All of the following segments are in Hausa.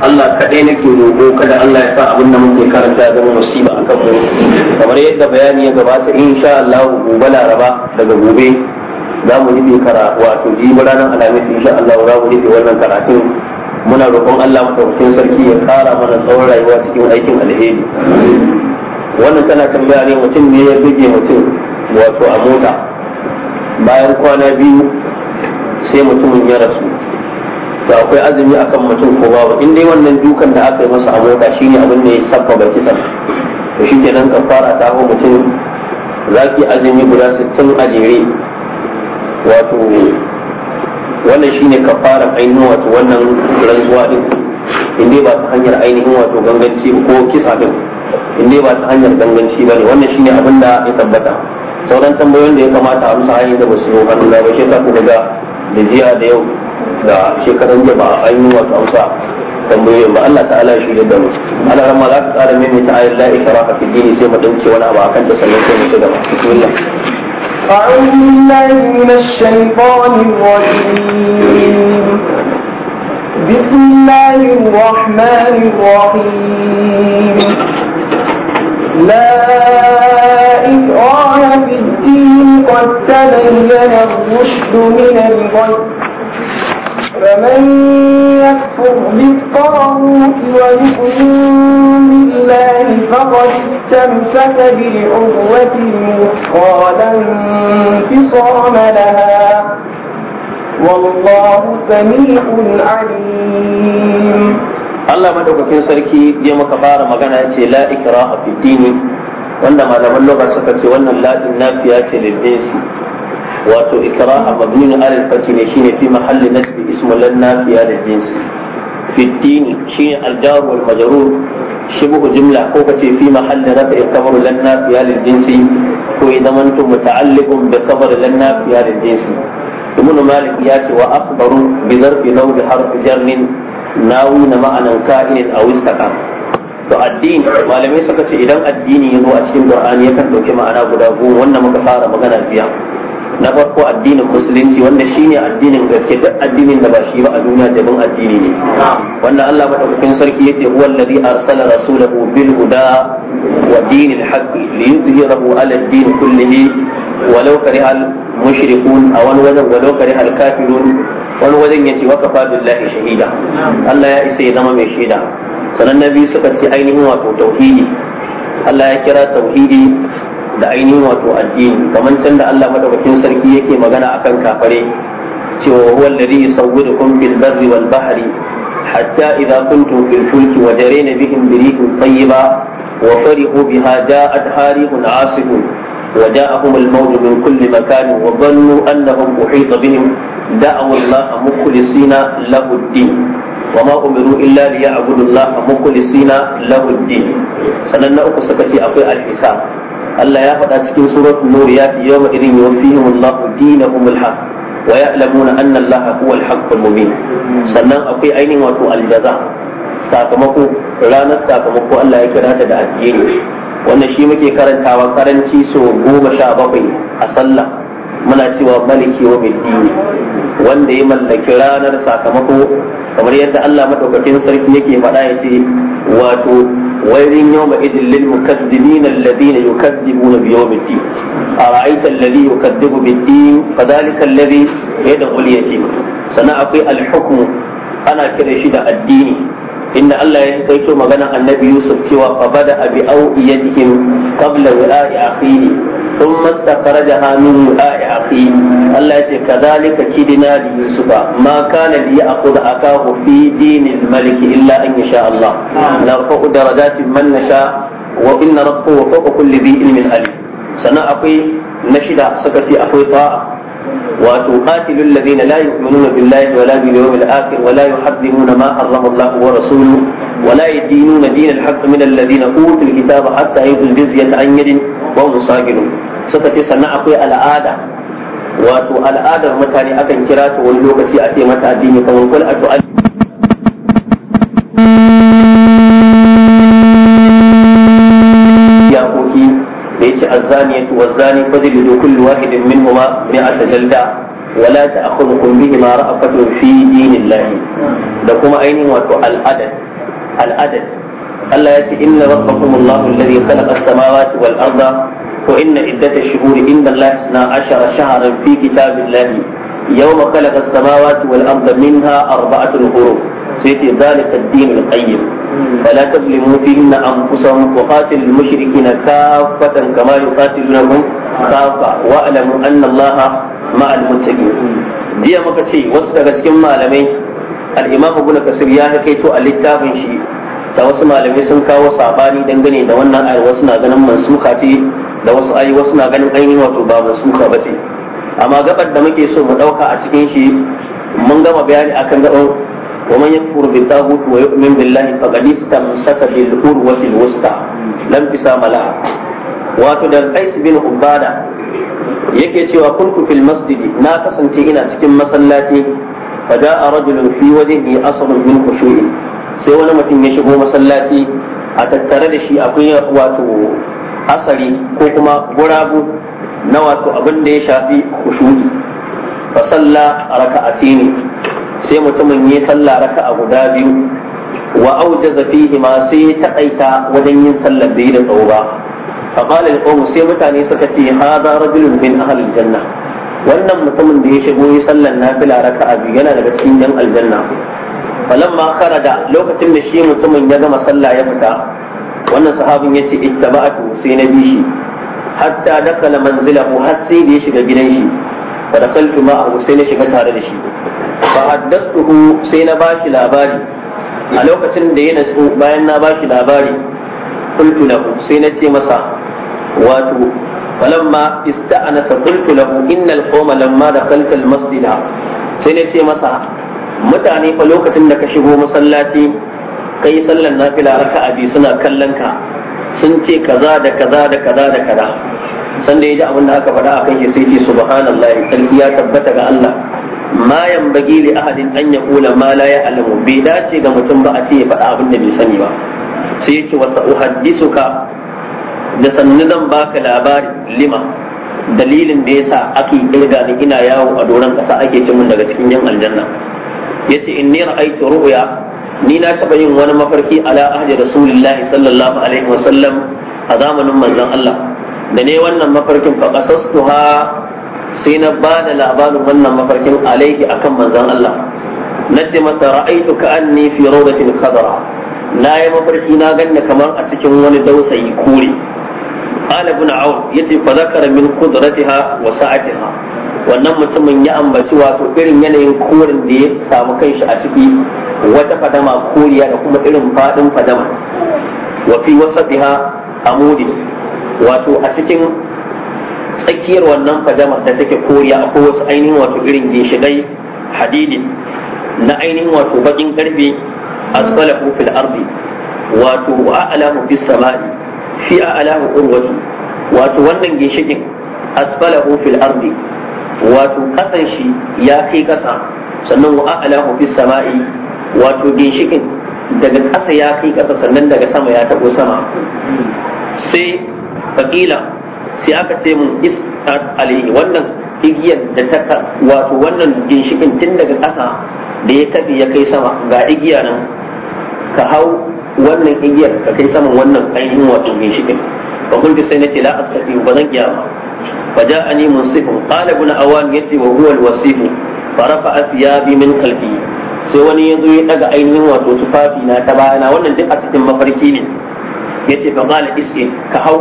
Allah kaɗai nake roƙo kada Allah ya sa abin da muke karanta ya zama musiba a kanmu kamar yadda bayani ya gabata insha Allah gobe Laraba daga gobe za mu rufe kara wato jibi ranar Alhamis insha Allah za mu rufe wannan karatun muna roƙon Allah madaukakin sarki ya ƙara mana tsawon rayuwa cikin aikin alheri wannan tana tambaya ne mutum ne ya buge mutum wato a mota bayan kwana biyu sai mutumin ya rasu to akwai azumi akan mutum ko babu in dai wannan dukan da aka yi masa a mota shine abin da ya sabbaba kisan to shikenan ka fara ta hau mutum ki azumi guda sittin a jere wato wannan ka fara ainihin wato wannan rantsuwa din in dai ba ta hanyar ainihin wato ganganci ko kisa din in dai ba ta hanyar ganganci ba ne wannan ne abin da ya tabbata sauran tambayoyin da ya kamata a amsa hanyar da ba su yi hannu ba shi sa ku daga da jiya da yau da shekaran jama'a an yi wasu amsa tambaye ba Allah ta'ala ya shirya da mu ana rama za ka tsara mimmi ta ayin la'i sharafa fi dini sai mu dauke wani abu akan ta sannan sai mu ci gaba bismillah أعوذ بالله من الشيطان الرجيم بسم الله الرحمن الرحيم لا إكراه في الدين قد تبين الرشد من الغي فمن يكفر بالطاغوت ويؤمن بالله فقد استمسك بالعروة الوثقى لا انفصام لها والله سميع عليم Allah madaukakin sarki ya maka fara magana ya ce la ikraha fi dini wanda malaman lokacin suka ce wannan ladin nafiya ce lil insi wato ikraha mabni ala al-fath ne shine fi mahalli nasbi ismu lan nafiya da jinsi fi din shine al-jar wal majrur shibhu jumla ko kace fi mahalli rafi khabar lan nafiya da jinsi ko idan antum muta'alliqun bi khabar lan nafiya da jinsi ibn malik ya ce wa akbaru bi zarfi nawd harf nawi na ma'anan ka'in aw istaqam to addini malamai suka ce idan addini ya zo a cikin qur'ani yakan dauke ma'ana guda goma wannan muka fara magana jiya na farko addinin musulunci wanda shine addinin gaske duk addinin da ba shi ba a duniya jabin addini ne wanda Allah madaukakin sarki yace huwa allazi arsala rasulahu bil huda wa dinil haqq liyudhhirahu ala din kullihi walau karihal mushrikun a wani wajen walau karihal kafirun wani wajen yace wa kafa billahi shahida Allah ya isa ya zama mai shaida sanan nabi suka ce ainihin wato tauhidi Allah ya kira tauhidi da ainihin wato addini kamar can da Allah madaukakin sarki yake magana akan kafare cewa huwa alladhi yusawwirukum fil barri wal bahri hatta idza kuntum fil fulki wa jarayna bihim bi rihin tayyiba wa farihu biha ja'at harihun asifun وجاءهم الموج من كل مكان وظنوا أنهم أحيط بهم دعوا الله مخلصين له الدين وما أمروا إلا ليعبدوا الله مخلصين له الدين سنن أكو سكتي أقوى الحساب Allah ya faɗa cikin suratul muriyat ya idin yuwaffihim Allahu dinahum al wa ya'lamuna anna Allah huwa al mubin sannan akwai ainihin wato aljaza sakamako ranar sakamako Allah ya kira ta da addini wannan shi muke karantawa karanci so goma sha bakwai a sallah muna cewa maliki wa biddini wanda ya mallaki ranar sakamako kamar yadda Allah madaukakin sarki yake faɗa ya ce wato ويل يومئذ للمكذبين الذين يكذبون بيوم الدين أرأيت الذي يكذب بالدين فذلك الذي يدعو اليتيم سنعطي الحكم أنا كرشد الدين إن الله يتكيت مغنى النبي يوسف سوى فبدأ بأوئيتهم قبل ولاء أخيه sun mastafara da hannun ya fi Allah ya ce ka zalika ki Yusufa ma kana da ya aku da aka hufi dinin maliki illa an yasha Allah na rufu da rajasi man na sha wa inna rabbu wa ilmin ali sannan akwai na shida suka ce akwai ta'a wato qatilu alladhina la yu'minuna billahi wa la bil yawmil akhir wa la yuhaddimuna ma harrama Allah wa rasuluhu ولا يدينون دين الحق من الذين اوتوا الكتاب حتى يؤتوا الجزيه عن يد wa musagilu suka ce sannan akwai al'ada wato al'adar mutane akan kira ta wani lokaci a ce mata addini kamar kul a tu'al yakoki da yace azzaniyatu wazzani fajlidu kullu wahidin minhuma mi'ata jalda ولا تأخذكم بهما رأفة في دين الله لكم أين وتو الأدب الأدب Allah ya ce inna rabbakum Allahu alladhi khalaqa as-samawati wal arda wa inna iddatash shuhuri inda Allah isna ashara shahran fi kitabillahi yawma khalaqa as-samawati wal arda minha arba'atun hurum sai ce zalika ad-din al-qayyim فلا تظلموا فيهن انفسهم وقاتلوا المشركين كافة كما يقاتلونكم كافة واعلموا ان الله Jiya muka ce wasu وسط cikin malamai al-Imam Ibn Kasir ya kaito a littafin shi da wasu malamai sun kawo sabani dangane da wannan ayar wasu na ganin mansuka ce da wasu ayi wasu na ganin ainihin wato ba mansuka ba ce amma gabar da muke so mu dauka a cikin shi mun gama bayani akan gaban wa man yakfur bi taghut wa yu'min billahi faqad istamsaka bil urwati al wusta lam tisama laha wato da Qais bin Ubada yake cewa kuntu fil masjidi na kasance ina cikin masallaci fada a rajulun fi wajhihi asrun min khushu'i sai wani mutum ya shigo masallaci a tattare da shi akwai wato asari ko kuma gurabu na wato abin da ya shafi kushuri fa salla ne. sai mutumin ya salla raka'a guda biyu wa aujaza fihi ma sai ya taƙaita wajen yin sallar bai da tsawo ba fa qala al sai mutane suka ce hadha rajulun min ahli janna wannan mutumin da ya shigo ya sallar nafila raka'a biyu yana daga cikin yan aljanna ma kharaja lokacin da shi mutumin ya gama sallah ya fita wannan sahabin yace ittaba'atu sai na bi shi hatta dakala manzilahu har sai da ya shiga gidan shi fa dakaltu ma sai na shiga tare da shi fa haddathuhu sai na bashi labari a lokacin da ya nasu bayan na bashi labari qultu lahu sai na ce masa wato falamma ista'anasa qultu lahu innal qawma lamma dakalta al-masjida sai na ce masa mutane fa lokacin da ka shigo masallaci kai sallan nafila raka'a biyu suna kallon ka sun ce kaza da kaza da kaza da kaza san ya ji abin da aka faɗa akan shi sai ce subhanallah sarki ya tabbata ga Allah ma bagi li ahadin an ya kula ma la ya'lamu bai dace ga mutum ba a ce ya faɗa abin da bai sani ba sai ya ce wa sa'uhaddisuka da sannu zan baka labari lima dalilin da yasa ake kirga ni ina yawo a doron ƙasa ake cimin daga cikin yan aljanna yace inni ra'aytu ru'ya ni na taba yin wani mafarki ala ahdi rasulillahi sallallahu alaihi a zamanin manzon Allah da ne wannan mafarkin fa qasastuha sai na ba da labarin wannan mafarkin alaihi akan manzon Allah na ce ra'aitu ra'aytu ka anni fi rawdatin khadra na yi mafarki na ganna kamar a cikin wani dausayi kore qala ibn aun yace fa zakara min qudratiha wa sa'atiha wannan mutumin ya ambaci wato irin yanayin korin da ya samu kanshi a ciki wata fadama koriya da kuma irin fadin fadama wa fi wasatiha amudi wato a cikin tsakiyar wannan fadamar da take koriya akwai wasu ainihin wato irin ginshigai hadidi na ainihin wato bakin karfe asfalahu fil ardi wato wa a'lahu fis sama'i fi a'lahu urwatu wato wannan ginshikin asfalahu fil ardi wato kasan shi ya kai kasa sannan wa a'lahu fis sama'i wato ginshikin daga kasa ya kai kasa sannan daga sama ya tabo sama sai fakila sai aka ce mun is alayhi wannan igiyar da ta wato wannan ginshikin tun daga kasa da ya kafi ya kai sama ga igiya nan ka hau wannan igiyar ka kai saman wannan ainihin wato ginshikin ba kun sai na ce ba zan iya ba فجاءني منصف قال ابن عوام يتي وهو الوصيف فرفع ثيابي من خلفي sai wani ya zo ya daga ainihin wato tufafi na ta bayana wannan duk a cikin mafarki ne yace fa qala iske ka hau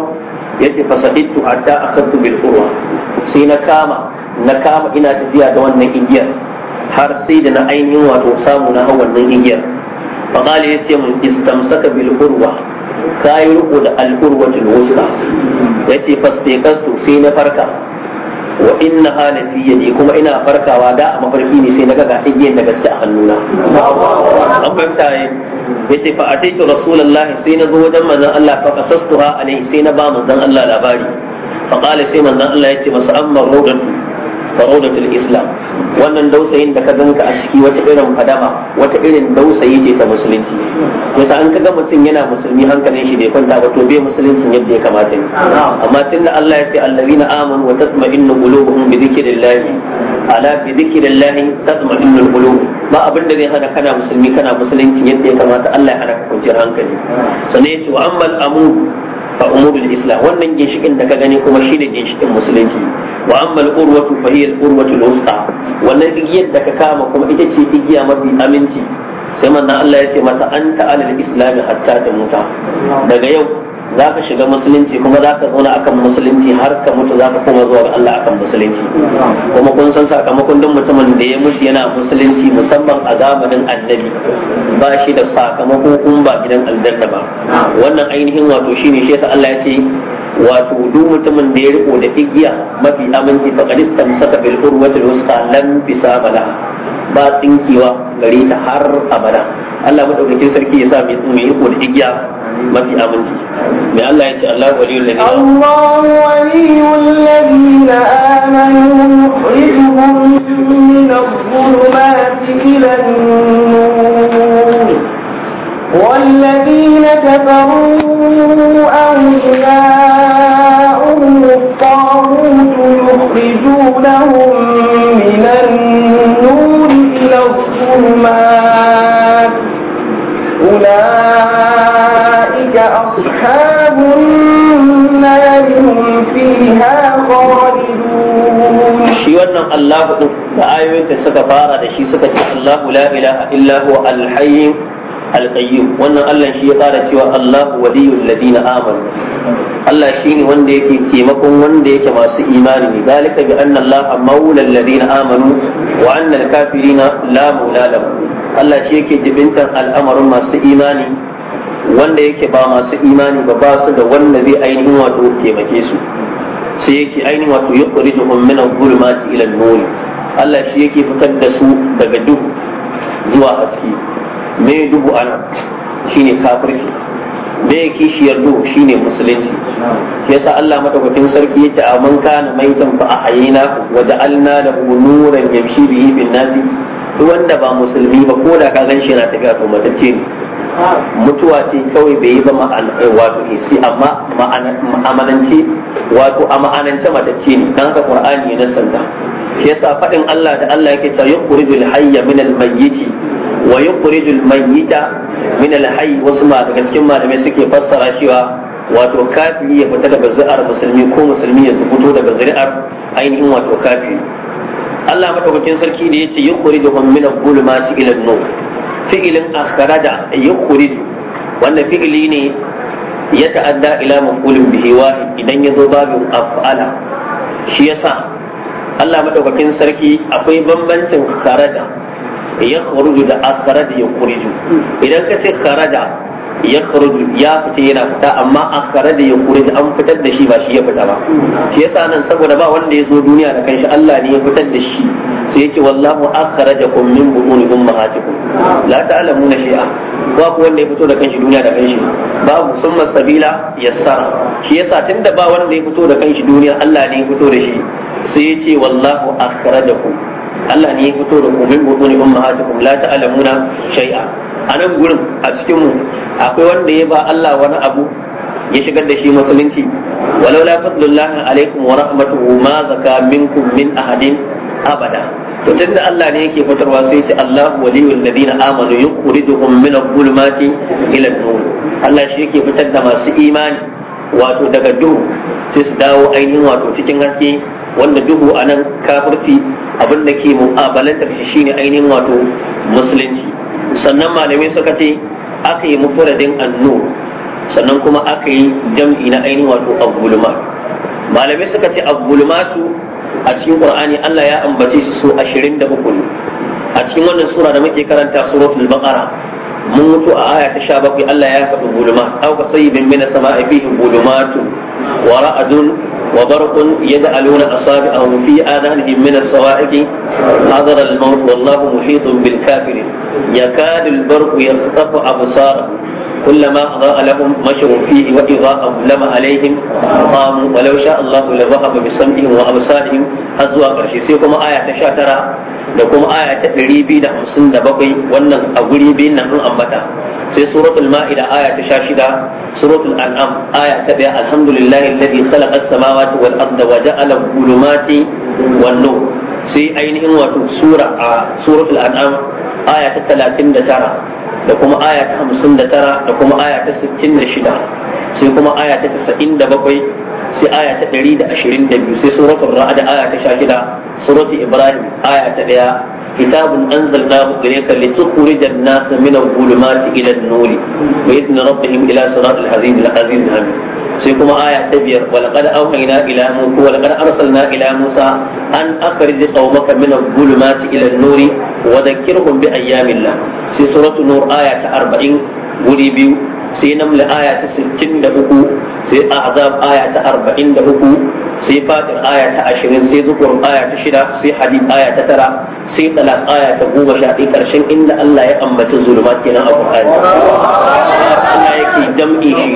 ce fa sadidtu hatta akhadtu bil urwa sai na kama na kama ina tafiya da wannan igiyar har sai da na ainihin wato samu na hau wannan igiyar fa ya yace mun istamsaka bil urwa kayi riko da al urwatul wusta yace fastiqastu sai na farka wa inna halati yadi kuma ina farkawa da a mafarki ne sai naga ga igiyan da gaske a hannuna an fahimta yace fa ataitu rasulullahi sai na zo wajen manzon Allah fa qasastuha alai sai na ba manzon Allah labari fa qala sai manzon Allah yace masu amma rodatu raudatul islam wannan dausayin da ka ganka a ciki wata irin fadama wata irin dausayi ce ta musulunci yasa an kaga mutum yana musulmi hankalin shi bai kwanta ba to bai musuluncin yadda ya kamata ne amma tunda Allah ya ce allazina amanu wa tatma'innu qulubuhum bi dhikrillah ala bi dhikrillah tatma'innul qulub ba abin da zai hana kana musulmi kana musulunci yadda ya kamata Allah ya hana kwanciyar hankali sannan yace wa ammal fa umurul islam wannan ginshikin da ka gani kuma shine ginshikin musulunci wa amma al-urwatu fa hiya al-urwatu al-wusta wannan igiyar da ka kama kuma ita ce igiya mafi aminci sai manzon Allah ya ce mata anta alal islam hatta tamuta daga yau za ka shiga musulunci kuma za ka zauna akan musulunci har ka mutu za ka koma zuwa ga Allah akan musulunci kuma kun san sakamakon duk mutumin da ya mutu yana musulunci musamman a zamanin annabi ba shi da sakamako kun ba gidan aljanna ba wannan ainihin wato shine shi yasa Allah ya ce wato duk mutumin da ya riko da igiya mafi aminci fa qadistan saka bil urwatil wusta lam bisabala ba tsinkewa gare ta har abada Allah madaukakin sarki ya sa mu yi riko da igiya mafi aminci mai Allah ya ce Allah waliyul ladina Allah waliyul ladina amanu yukhrijuhum min adh-dhulumati ila an-nur والذين كفروا أولياؤهم الطاغوت يخرجونهم من النور إلى الظلمات أصحاب النار هم فيها خالدون shi wannan Allahu din da ayoyin da suka fara da shi suka ce Allahu la ilaha illa huwa al-hayy wannan Allah shi ya fara cewa Allahu waliyul ladina amanu Allah shine wanda yake taimakon wanda yake masu imani zalika bi anna Allah maula Ladina amanu wa anna al-kafirina la maula lahum Allah shi yake jibintan al'amarin masu imani wanda yake ba masu imani ba ba su da wanda zai ainihin wato taimake su sai yake ainihin wato ya kuri da ummina gulmati ilan nuri Allah shi yake fitar da su daga duhu zuwa haske me duhu ana shine kafirci me kishiyar shi ne musulunci yasa Allah madaukakin sarki yake a man kana maitan fa ahayina wa ja'alna lahu nuran yamshi bihi bin nasi wanda ba musulmi ba ko da ka gan shi na tafiya to matacce ne mutuwa ce kawai bai yi ba eh, wato isi eh, amma amanance wato a ma'anance ce ne dan haka qur'ani na sanda Ke yasa fadin Allah da Allah yake cewa yukhrijul hayya min al mayyiti wa yukhrijul mayyita min al hayy wasu ma daga cikin malamai suke fassara cewa wato kafiri ya fita daga zu'ar musulmi ko musulmi ya fito daga zuri'ar ainihin wato kafiri Allah madaukakin sarki da yace yukhrijuhum min al gulmati ila an-nur fi'ilin akhraja yukhrij wanda fi'ili ne ya ta'adda ila maqulin bihi wahid idan yazo babu af'ala shi yasa Allah madaukakin sarki akwai bambancin kharaja ya kharuju da akhraja ya idan ka ce kharaja ya kharuju ya fita yana fita amma akhraja ya an fitar da shi ba shi ya fita ba shi yasa nan saboda ba wanda ya zo duniya da kanshi Allah ne ya fitar da shi sai yake wallahu akhrajakum min butun ummahatikum la ta'lamuna shay'a ba ku wanda ya fito da kanshi duniya da kanshi babu summa sabila yassara shi yasa tunda ba wanda ya fito da kanshi duniya Allah ne ya fito da shi sai yace wallahu akhrajakum Allah ne ya fito da ku min butun ummahatikum la ta'lamuna shay'a a nan gurin a cikin mu akwai wanda ya ba Allah wani abu ya shigar da shi musulunci walau la fadlullahi alaikum wa rahmatuhu ma zaka minkum min ahadin abada to da Allah ne yake fitarwa sai ce Allah waliyul ladina amanu yukhrijuhum min adh-dhulumati ila an-nur Allah shi yake fitar da masu imani wato daga duhu sai su dawo ainihin wato cikin haske wanda duhu anan kafirci abin da ke mu'abalanta shi shine ainihin wato musulunci sannan malamai suka ce aka yi an annu sannan kuma aka yi jam'i na ainihin wato abulma malamai suka ce abulumatu. a cikin qur'ani Allah ya ambace su su 23 ne a cikin wannan sura da muke karanta suratul baqara mun mutu a aya ta bakwai Allah ya faɗi buluma aw ka sayyibin min as-sama'i fihi bulumatu wa ra'dun wa barqun yad'aluna asabi'ahum fi adanihim min as-sawa'iqi hadara al-mawt wallahu muhitun bil kafirin yakadu al-barqu yaqtafu absara كلما أضاء لهم مشوا فيه وإذا أظلم عليهم قاموا ولو شاء الله لذهب بسمعهم وأبصارهم أزوا قرشي سيكم آية شاترة لكم آية تقريبي نحن سند بقي ونن أقريبي نحن أمتا في سورة المائدة آية شاشدة سورة الأنعام آية تبع الحمد لله الذي خلق السماوات والأرض وجعل الظلمات والنور sai ainihin wato sura a suratul an'am aya ta talatin da tara da kuma aya ta hamsin da tara da kuma aya ta sittin da shida sai kuma aya ta tasa'in da bakwai sai aya ta ɗari da ashirin da biyu sai ra ra'ad aya ta sha shida suratul ibrahim aya ta ɗaya kitabun anzalnahu ilayka litukhrija an-nasa min adh-dhulumati ila an-nur bi idni rabbihim ila al sai kuma aya ta biyar walaqad na ila musa walaqad arsalna ila musa an akhrij qaumaka min adh-dhulumati ila an-nur wa dhakkirhum bi ayyamillah sai suratul nur aya ta 40 guri biyu sai naml aya ta 63 sai azab aya ta 43 sai fatin aya ta ashirin sai zukur aya ta shida sai hadid aya ta tara sai talak aya ta goma sha ɗaya ƙarshen inda Allah ya ambaci zulumat kenan a Qur'ani Allah yake jam'i shi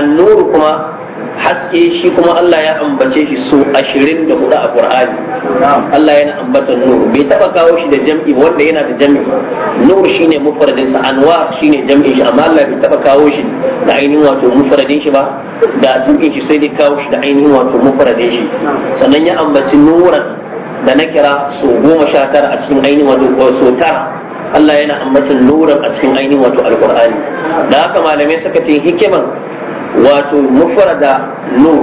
annuru kuma haske shi kuma Allah ya ambace shi su ashirin da hudu a Qur'ani Allah yana ambata nur bai taba kawo shi da jam'i wanda yana da jam'i nur shine mufradin sa anwa shine jam'in shi amma Allah bai taba kawo shi da ainihin wato mufradin shi ba da jam'in shi sai dai kawo shi da ainihin wato mufradin shi sannan ya ambaci nuran da na kira su goma sha tara a cikin ainihin wato so tara Allah yana ambatan nuran a cikin ainihin wato alqur'ani da haka malamai suka ce hikiman wato da nur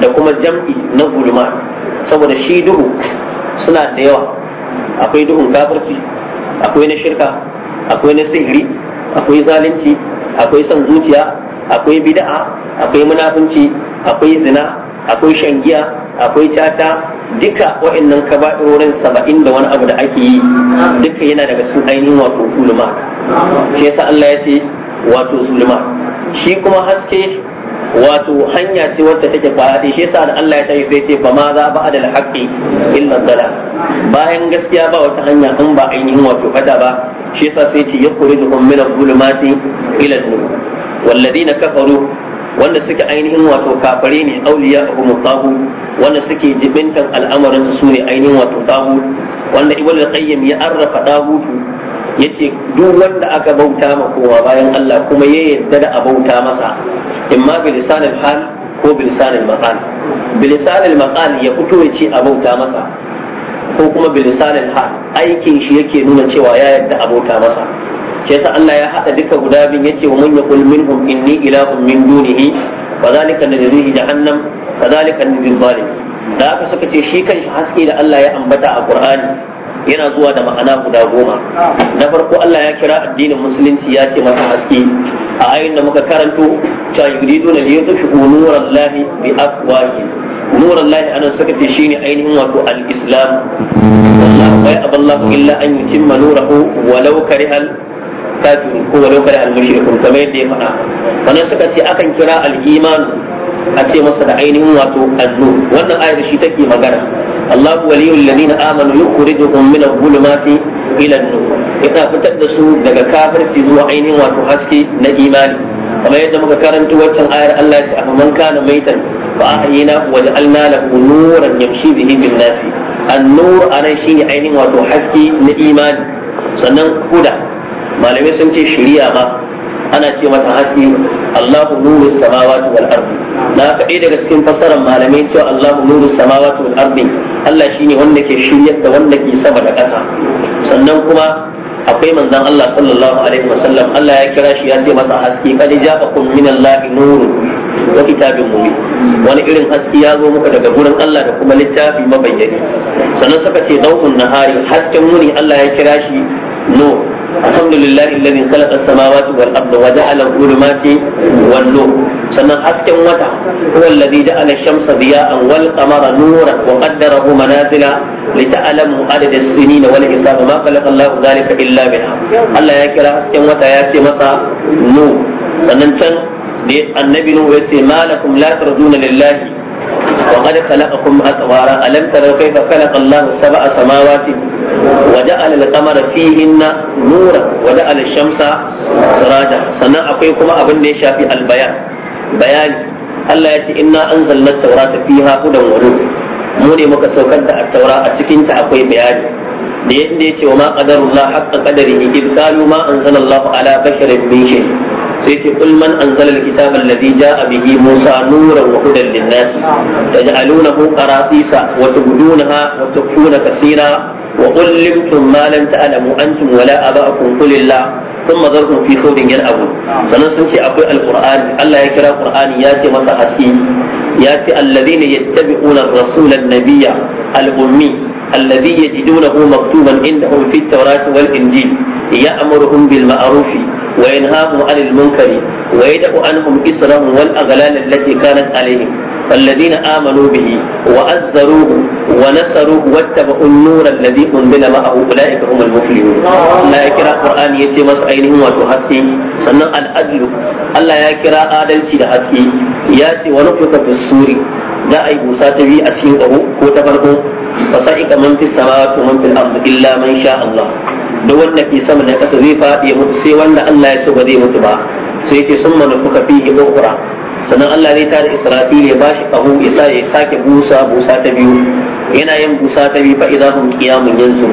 da kuma jam'i na gulma saboda shi duhu suna da yawa akwai duhun kafirci akwai na shirka akwai na sihiri akwai zalunci akwai son zuciya akwai bid'a akwai munafunci akwai zina akwai shangiya akwai cata duka wa'annan kaba'irorin saba'in da wani abu da ake yi duka yana daga sun ainihin wato zulma shi yasa Allah ya ce wato zulma shi kuma haske wato hanya ce wacce take faɗi shi yasa da Allah ya tafi sai ce ba ma za ba adal haqqi illa dala bayan gaskiya ba wata hanya in ba ainihin wato fada ba shi yasa sai ce yukhrijuhum min adh-dhulumati ila an-nur walladina kafaru wanda suke ainihin wato kafare ne auliya abu tahu wanda suke jibintan al'amarin su ne ainihin wato tahu wanda ibn qayyim ya arrafa tahutu yace duk wanda aka bauta ma kowa bayan Allah kuma ya yarda da abauta bauta masa imma bi lisanil hal ko bi lisanil maqal bi lisanil maqal ya fito ya ce abauta masa ko kuma bi lisanil hal aikin shi yake nuna cewa ya yarda abauta masa shi yasa Allah ya hada duka guda bin yace wa man yaqul minhum inni ilahun min dunihi fa zalika najzihi jahannam kadhalika najzil zalim da haka suka ce shi kanshi haske da Allah ya ambata a Qur'ani yana zuwa da ma'ana guda goma na farko Allah ya kira addinin musulunci ya ce masa haske a ayin da muka karanto ta yuridu na liyu tafi nuran lahi bi afwahi nuran lahi anan suka ce shine ainihin wato al-islam wallahi wai aballahu illa an yutimma nurahu walau karihal kafirun ko walau karihal mushrikun kamar yadda ya faɗa wannan suka ce akan kira al-iman a ce masa da ainihin wato annu wannan ayar shi take magana Allah waliyul ladina amanu yukhrijuhum min adh-dhulumati ila an-nur yana fitar da su daga kafirci zuwa ainihin wato haske na imani kamar yadda muka karanta waccan ayar Allah ya ce man kana maitar fa ahyina wa ja'alna lahu nuran yamshi bihi bin nas an-nur anan shine ainihin wato haske na imani sannan huda malamai sun ce shiriya ma ana ce mata haske Allahu nuru samawati wal ardi Na haka daga cikin fassarar malamai cewa Allahu nuru samawati wal ardi Allah shine wanda ke shiryar da wanda ke sama da ƙasa sannan kuma akwai manzon Allah sallallahu alaihi wasallam Allah ya kira shi ya ce masa haske kad ja'akum min Allahi nuru wa kitabun mubin wani irin haske ya zo muka daga gurin Allah da kuma littafi mabayyani sannan suka ce dawun nahari hasken muni Allah ya kira shi no. alhamdulillah alladhi khalaqa as-samawati wal arda wa ja'ala sannan hasken wata huwa alladhi ja'ala ash-shamsa diya'an wal qamara nuran wa qaddarahu manazila lita'lamu adada as-sinina wal hisab ma khalaqa Allahu dhalika illa biha Allah ya kira hasken wata ya ce masa nu sannan can da annabi nu ya ce malakum la tarjuna lillahi wa qad khalaqakum atwara alam taraw kayfa khalaqa Allahu sab'a samawati وجعل القمر فيهن نورا وجعل الشمس سراجا sannan akwai kuma abin da ya shafi albayan bayani Allah ya ce inna anzalna at-taurata fiha hudan wa nur mu ne muka saukar da at-taura a cikin ta akwai bayani da yadda yace wa ma qadarullah haqqa qadarihi id qalu ma anzalallahu ala basharin min shay sai ce kul man anzala al alladhi ja'a bihi Musa nuran wa hudan lin-nas taj'alunahu qaratisa wa tubdunaha wa tukhuna kaseera وقلبتم ما لم تعلموا أنتم ولا آباؤكم قل الله sun mazarkun fi sobin yan abu sannan sun ce akwai alkur'ani Allah ya kira qur'ani ya ce masa haske ya ce alladhina yattabi'una ar-rasula an-nabiyya al-ummi alladhi yajidunahu maktuban indahum fi at-taurati wal-injil ya'muruhum bil ma'ruf wa yanhahum 'anil munkari wa yad'u anhum israhum wal aghlal allati kanat 'alayhim فالذين آمنوا به وأزروه ونصروه واتبعوا النور الذي أنزل معه أولئك هم المفلحون الله يكرا قرآن يتي مس عينهم وتحسكي سنة الأجل الله يكرا آدل تي لحسكي ياتي ونفق في السور لا أي مساتبي أسيبه كوتفرقه فسائق من في السماوات ومن في الأرض إلا من شاء الله duk wanda ke sama da kasa zai faɗi ya mutu sai wanda Allah ya so ba zai mutu ba sai yake sun manufuka fihi ukhra sannan Allah zai da Israfil ya bashi kahu isa ya sake busa busa ta biyu yana yin busa ta biyu fa idahum qiyamun yanzu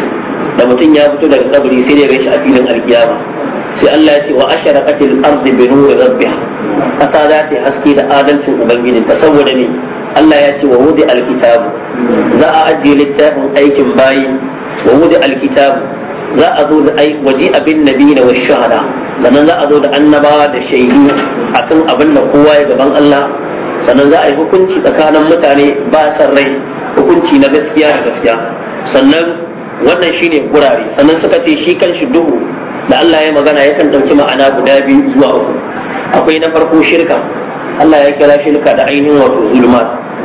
da mutum ya fito daga kabri sai ya gaishe a filin alkiyama sai Allah ya ce wa asharaqatil ardi bi nuri rabbiha kasa za ta haske da adalcin ubangiji ta saboda ne Allah ya ce wa wudi alkitabu za a ajiye littafin aikin bayi wa wudi alkitabu za a zo da waje abin da wa shahada sannan za a zo da annaba da shaidu a kan abin da kowa ya gaban Allah sannan za a yi hukunci tsakanin mutane ba san rai hukunci na gaskiya da gaskiya sannan wannan shine gurare sannan suka ce shi kan shi duhu da Allah ya magana yakan ɗauki ma'ana guda biyu zuwa uku akwai na farko shirka Allah ya kira shirka da ainihin wato zulma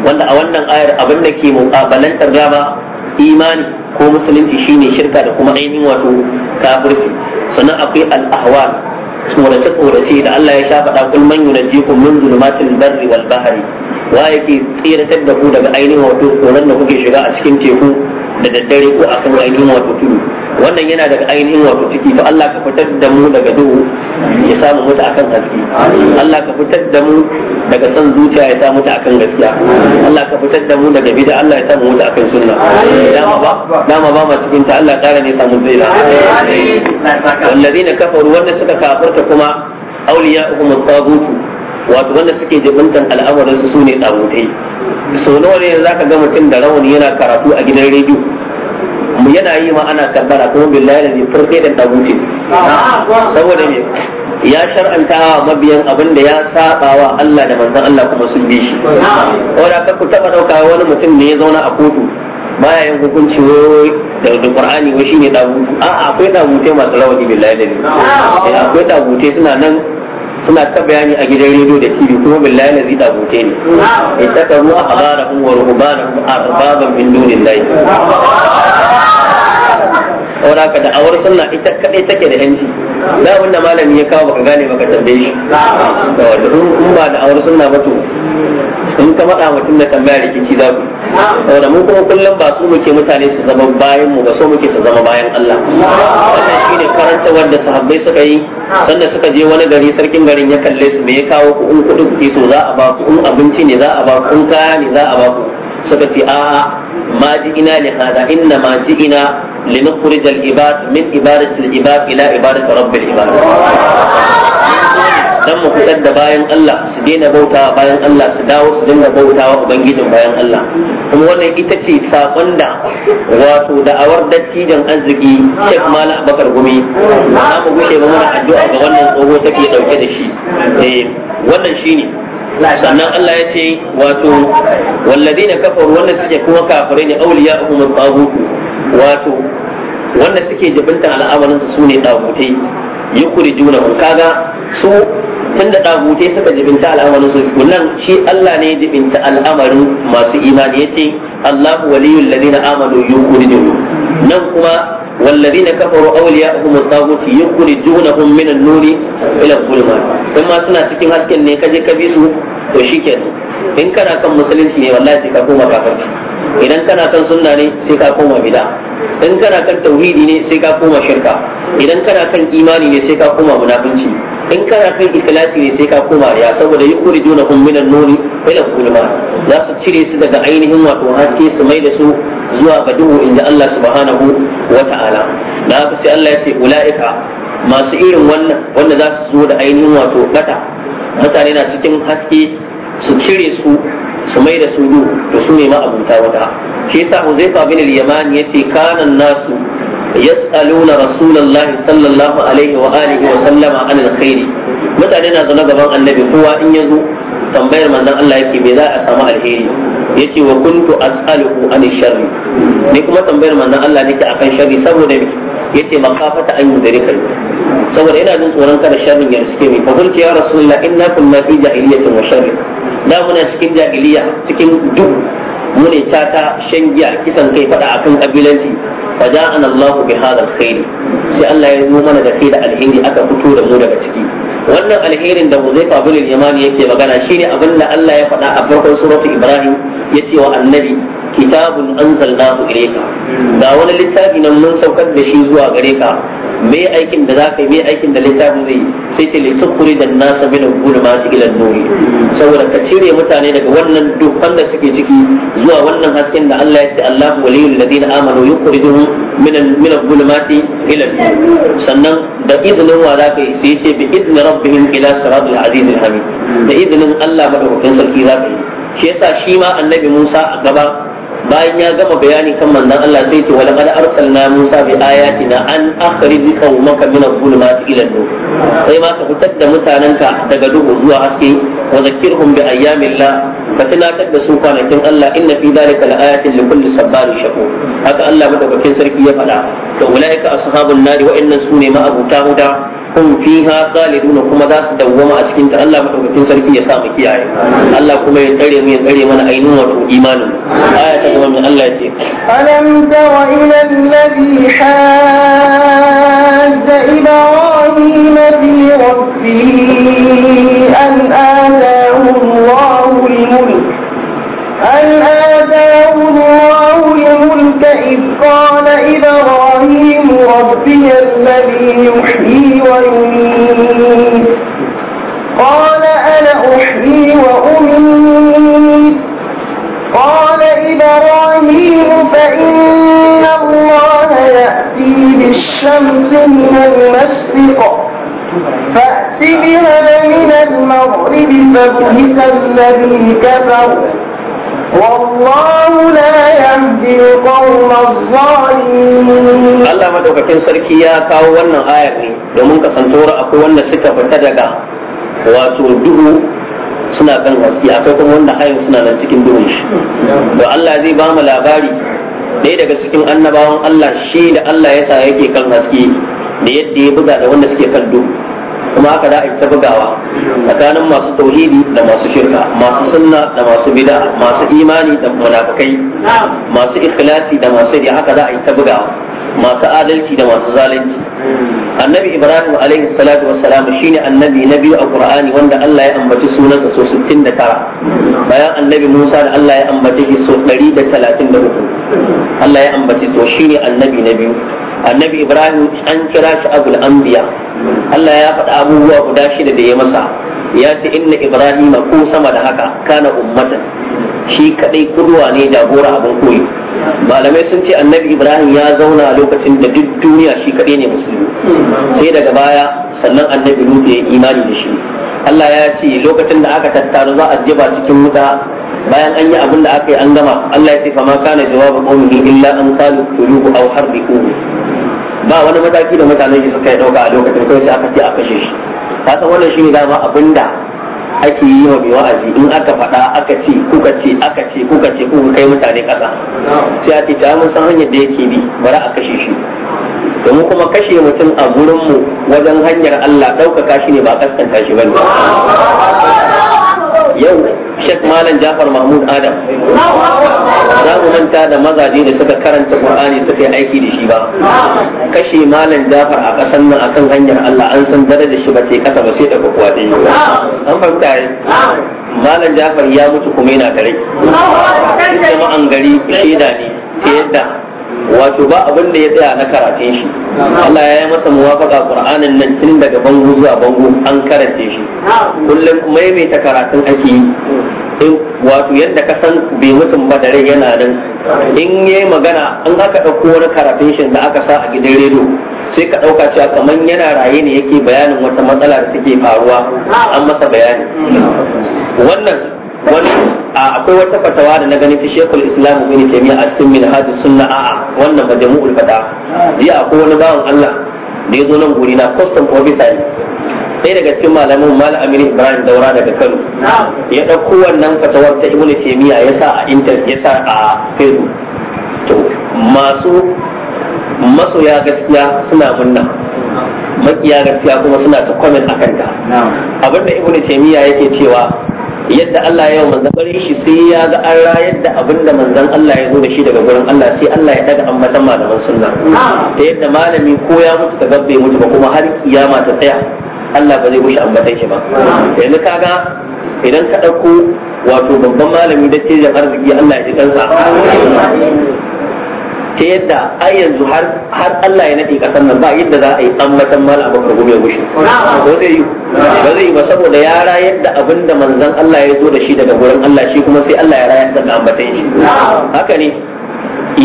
wanda a wannan ayar abin da ke muƙabalantar dama imani ko musulunci shine shirka da kuma ainihin wato kafirci sannan akwai al-ahwal tsorace tsorace da Allah ya sha faɗa kul man yunajjikum min zulumatil barri wal bahari wa yake tsiratar da ku daga ainihin wato tsoron da kuke shiga a cikin teku da daddare ko akan ainihin wato tudu wannan yana daga ainihin wato ciki to Allah ka fitar da mu daga duhu ya samu mutu akan haske Allah ka fitar da mu daga son zuciya ya samu ta akan gaskiya Allah ka fitar da mu daga bid'a Allah ya samu mu ta akan sunna dama ba dama ba masu ta Allah ƙara ne samu zaira wallazina kafaru wanda suka kafirta kuma awliya'uhum at-taghut wato wanda suke jibintan al'amarin su sune tsagutai so nawa ne zaka ga mutum da rauni yana karatu a gidan rediyo mu yana yi ma ana kabbara kuma billahi da farkai da tsagutai saboda me ya shar'anta wa mabiyan abin da ya saba wa Allah da manzon Allah kuma sun bi shi wanda ka ku taba dauka wani mutum ne ya zauna a kotu baya yin hukunci da da Qur'ani wai shine dabutu a akwai dabutai masu rawani billahi da ni eh, akwai dabutai suna nan suna ta bayani a gidan rediyo da TV kuma billahi da dabutai ne in ta ruwa a barahum wa rubanahum arbaban min dunillahi saboda haka da awar sunna ita kadai take da yanci da wanda malami ya kawo baka gane baka tambaye shi da in ba da awar sunna ba to in ka maɗa mutum da tambaya rikici za ku saboda mun kuma kullum ba su muke mutane su zama bayan mu ba so muke su zama bayan Allah wannan shine karanta wanda sahabbai suka yi sanda suka je wani gari sarkin garin ya kalle su me ya kawo ku in ku kuke so za a ba ku in abinci ne za a ba ku in kaya ne za a ba ku suka ce a'a ما جئنا لهذا إنما جئنا لنخرج العباد من عبادة العباد إلى عبادة رب العباد dan mu fitar da bayan Allah su daina bauta bayan Allah su dawo su dinga bautawa ubangijin bayan Allah kuma wannan ita ce sakon da wato da'awar dattijan arziki Sheikh Mala Abakar Gumi na mu gushe mana a addu'a ga wannan tsoho take dauke da shi eh wannan shine sannan Allah ya ce wato walladina kafaru wanda suke kuma kafare ne auliya kuma tsagutu wato wanda suke jibinta al'amarin su ne juna yukhrijuna kaga su tun da ɗagutai suka jibinta al'amarin su nan shi Allah ne ya jibinta al'amarin masu imani yace Allahu waliyul ladina amanu juna nan kuma والذين كفروا أولياءهم الطاغوت يخرجونهم من النور إلى الظلمات إما سنة cikin hasken ne kaje ka bi su to shikenan in kana kan musulunci ne wallahi sai ka koma kafirci idan kana kan sunna ne sai ka koma bid'a in kana kan tauhidi ne sai ka koma shirka idan kana kan imani ne sai ka koma munafunci in kana kan ikhlasi ne sai ka koma riya saboda yukhrijunahum minan nuri ila zulma za su cire su daga ainihin wato haske su mai da su zuwa ga duhu inda Allah subhanahu wa ta'ala da haka sai Allah ya ce ula'ika masu irin wannan wanda za su zo da ainihin wato bata mutane na cikin haske su cire su su mai da su duhu to su nema abuta wata shi yasa Huzaifa bin al ya ce kanan nasu yas'aluna rasulullahi sallallahu alaihi wa alihi wa sallama an mutane na zaune gaban annabi kowa in yazo tambayar manzon Allah yake me za a samu alheri yace wa kuntu as'aluhu an sharri ni kuma tambayar manzon Allah nake akan sharri saboda me yace makafata an yudare kai saboda ina jin tsoron kada sharrin ya riske ni fa qultu ya rasulullah inna kunna fi jahiliyyatin wa sharri da muna cikin jahiliya cikin duk mune ta shan giya kisan kai fada akan kabilanci fa ja'ana Allahu bi hadha alkhair sai Allah ya zo mana da kai da alheri aka fito da mu daga ciki wannan alherin da Huzaifa fabulin imani yake magana shine abin da Allah ya faɗa a farkon suratu Ibrahim ya ce wa annabi kitabun anzalnahu ilayka ga wani littafi nan mun saukar da shi zuwa gare ka me aikin da zaka yi me aikin da littafin zai sai ce litukuri da nasa min gudu zulumati ila nuri saboda ka cire mutane daga wannan dukkan da suke ciki zuwa wannan hasken da Allah ya ce Allahu waliyul ladina amanu yukhrijuhum min al-zulumati ila sannan da izinin wa za ka yi sai ce bi izinin rabbihim ila siratul aziz hamid da izinin Allah madaukakin sarki za ka yi shi yasa shi ma annabi Musa a gaba bayan ya gama bayani kan manzon Allah sai ce wala qad arsalna Musa bi ayatina an akhrij qaumaka min adh-dhulumati ila an-nur sai ma ka fitar da mutanenka daga duhu zuwa haske wa zakkirhum bi ayyamillah ka tunatar da su kwanakin Allah inna fi zalika laayatin li kulli sabarin shakur haka Allah madaukakin sarki ya faɗa to ulaika ashabun nari wa innan sune ma abuta huta? هم فيها خالدون كما دوما اسكنت الله مفرقين سلفي يسا مكياي الله كما يتري من يتري من أينوم إيمان آية من الله يتري ألم تر إلى الذي حاد إبراهيم في ربي أن آتاه الله الملك أن آتاه الله الملك إذ قال إذا فإن الله يأتي بالشمس من المشرق فأت بها من المغرب فبهت الذي كفر والله لا يهدي القوم الظالمين الله madaukakin sarki ya kawo wannan ayar ne domin kasantuwar akwai wanda suka fita daga wato duhu suna kan gaskiya akwai kuma wanda hayan suna nan cikin duhun shi to Allah zai ba mu labari ɗaya daga cikin annabawan Allah shi da Allah ya sa yake kan haske da yadda ya buga da wanda suke kallo, kuma haka za a ta bugawa tsakanin masu tauhidi da masu shirka masu sunna da masu bida masu imani da munafikai masu ikhlasi da masu da haka za a ta bugawa masu adalci da masu zalunci annabi ibrahim alaihi salatu wassalam shine annabi na biyu a qur'ani wanda Allah ya ambaci sunansa so 69 bayan annabi musa da Allah ya ambace shi so 133 Allah ya ambaci to shine annabi na biyu annabi ibrahim an kira shi abul anbiya allah ya faɗa abubuwa guda shida da ya masa ya ce inna ibrahim ko sama da haka kana ummatan shi kadai kudwa ne jagora abin koyi malamai sun ce annabi ibrahim ya zauna a lokacin da duk duniya shi kaɗai ne musulmi sai daga baya sannan annabi nufi ya imani da shi allah ya ce lokacin da aka tattaru za a jeba cikin wuta bayan an yi abin da aka yi an gama allah ya ce fama kana jawabin qaumihi illa an a wahar da harbiquhu ba wani mataki da mutane shi suka yi dauka a lokacin kawai sai aka ce a kashe shi ka san wannan shine dama abinda ake yi wa mai wa'azi in aka faɗa aka ce kuka ce aka ce kuka ce kuka kai mutane ƙasa sai a ce ta mun san hanyar da yake bi bari a kashe shi domin kuma kashe mutum a gurinmu wajen hanyar Allah ɗaukaka shi ne ba kaskanta shi bane yau Sheikh Malam Jafar Mahmud Adam za mu manta da mazaje da suka karanta Qur'ani suka yi aiki da shi ba kashe Malam Jafar a ƙasar nan akan hanyar Allah an san darajar shi ba ce kasa ba sai da kwakwa an fahimta yi malam jafar ya mutu kuma yana gare an gari shaida ne ta yadda wato ba abin da ya tsaya na karatun shi Allah ya yi masa muwafaka Qur'anin nan tun daga bangu zuwa bangu an karanta shi kullum maimaita karatun ake yi wato yadda ka san bai mutum ba da rai yana nan in yayi magana an aka ɗauko wani karatun shi da aka sa a gidan rediyo sai ka ɗauka cewa kamar yana raye ne yake bayanin wata matsala da take faruwa an masa bayani wannan akwai wata fatawa da na gani ta shekul islamu bin taimiyya a cikin min hadu sunna a'a wannan majmu'ul fata jiya akwai wani bawan Allah da ya zo nan guri na custom officer sai daga cikin malamin malam amir ibrahim daura daga kano ya ɗauko wannan fatawar ta ibnu taimiyya ya sa a intanet ya sa a facebook to masu masoya gaskiya suna binna makiya gaskiya kuma suna ta kwamin a kanta abinda ibnu taymiya yake cewa yadda Allah ya manzan bare shi sai ya ga an yadda da abinda manzan Allah ya zo da shi daga gurin Allah sai Allah ya daga ambatan malaman sunna ta yadda malami ko ya mutu ta gabbe mutu ba kuma har kiyama ta tsaya Allah ba zai bushe ambatan shi ba yanzu kaga idan ka ɗauko wato babban malami da arziki Allah ya ji kansa ta yadda ai yanzu har Allah ya nade kasar nan ba yadda za a yi an matan mal a bakar mushi ba zai yi ba zai yi ba saboda ya rayar da abin da manzan Allah ya zo da shi daga wurin Allah shi kuma sai Allah ya rayar da ambatan shi haka ne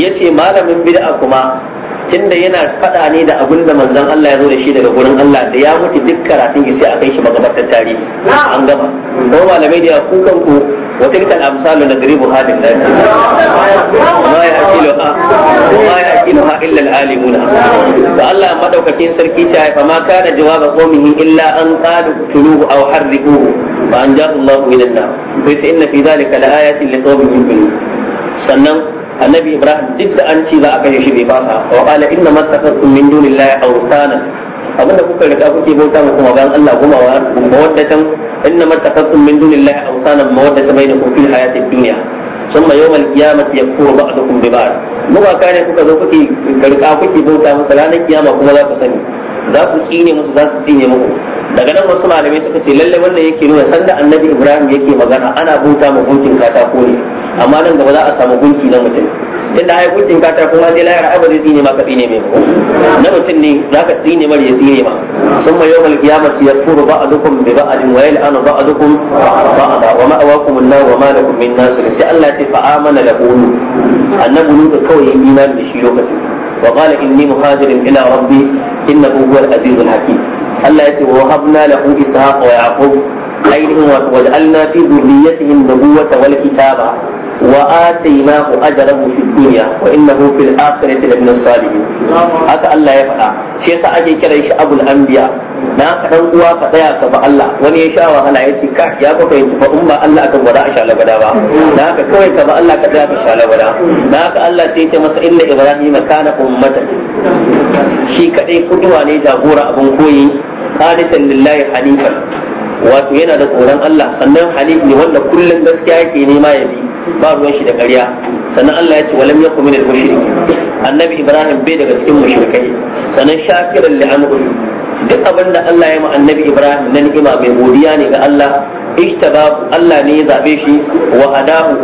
yace malamin bid'a kuma tunda yana faɗa ne da abin da manzon Allah ya zo da shi daga gurin Allah da ya mutu duk karatun ya sai a kai shi makabartar tarihi an gama ko malamai da ku kanku wa tilka al-amsalu nadribu hadin nas ma ya ya'qiluha ma ya'qiluha illa al-alimuna da Allah madaukakin sarki ta fa ma kana jawaba qawmihi illa an qalu tuluhu aw harriquhu fa anjahu Allah min an-nar fa inna fi dhalika la ayatin li qawmin yu'minun sannan annabi ibrahim duk da an ce za a kashe shi bai fasa wa qala inna ma takhadtum min dunillahi awsana abinda kuka riga kuke bauta mu kuma bayan Allah kuma wa mawaddatan inna ma takhadtum min dunillahi awsana mawaddatan bainakum fil hayatid dunya thumma yawm al-qiyamati yakfuru ba'dukum bi ba'd mu ba kare kuka zo kuke riga kuke bauta musu ranar kiyama kuma za ku sani za ku tsine musu za su tsine muku daga nan wasu malamai suka ce lalle wannan yake nuna sanda annabi ibrahim yake magana ana bauta ma gunkin katako ne amma nan gaba za a samu gunki na mutum tun da haihuncin kata kuma zai layar abu zai tsine maka tsine mai na mutum ne za ka tsine mara ya tsine ma sun ma yawon kiyamar ya furu ba a zukun bi ba a jin wayar anu ba a zukun ba a wa ma awa kuma wa ma da kuma min nasu sai Allah ce fa amana da hulu annabi nuka kawai yin imani da shi lokacin wa qala inni muhajirin ila rabbi innahu huwal azizul hakim Allah ya ce wa habna lahu ishaqa wa yaqub ainihin wato waj'alna fi dhurriyyatihim nubuwata wal kitaba wa atainahu ajrahu fid dunya wa innahu fil akhirati lamin salihin haka Allah ya faɗa shi yasa ake kira shi abul anbiya na kaɗan uwa ka tsaya ka ba Allah wani ya sha wahala ya ce ka ya fa fahimci fa in ba Allah akan gwada a sha labada ba na haka kawai ka ba Allah ka tsaya ka sha na haka Allah sai ya ce masa inna ibrahima kana ummatan shi kadai kuduwa ne jagora abin koyi qanitan lillahi hanifan wato yana da tsoron Allah sannan halif ne wanda kullum gaskiya yake nema ya bi ba ruwan shi da ƙarya sannan Allah ya ce walam yakum minal mushrikin annabi Ibrahim bai daga cikin mushrikai sannan shakiran li anhu duk abin da Allah ya ma annabi Ibrahim na ni'ima mai godiya ne ga Allah babu Allah ne ya zabe shi wa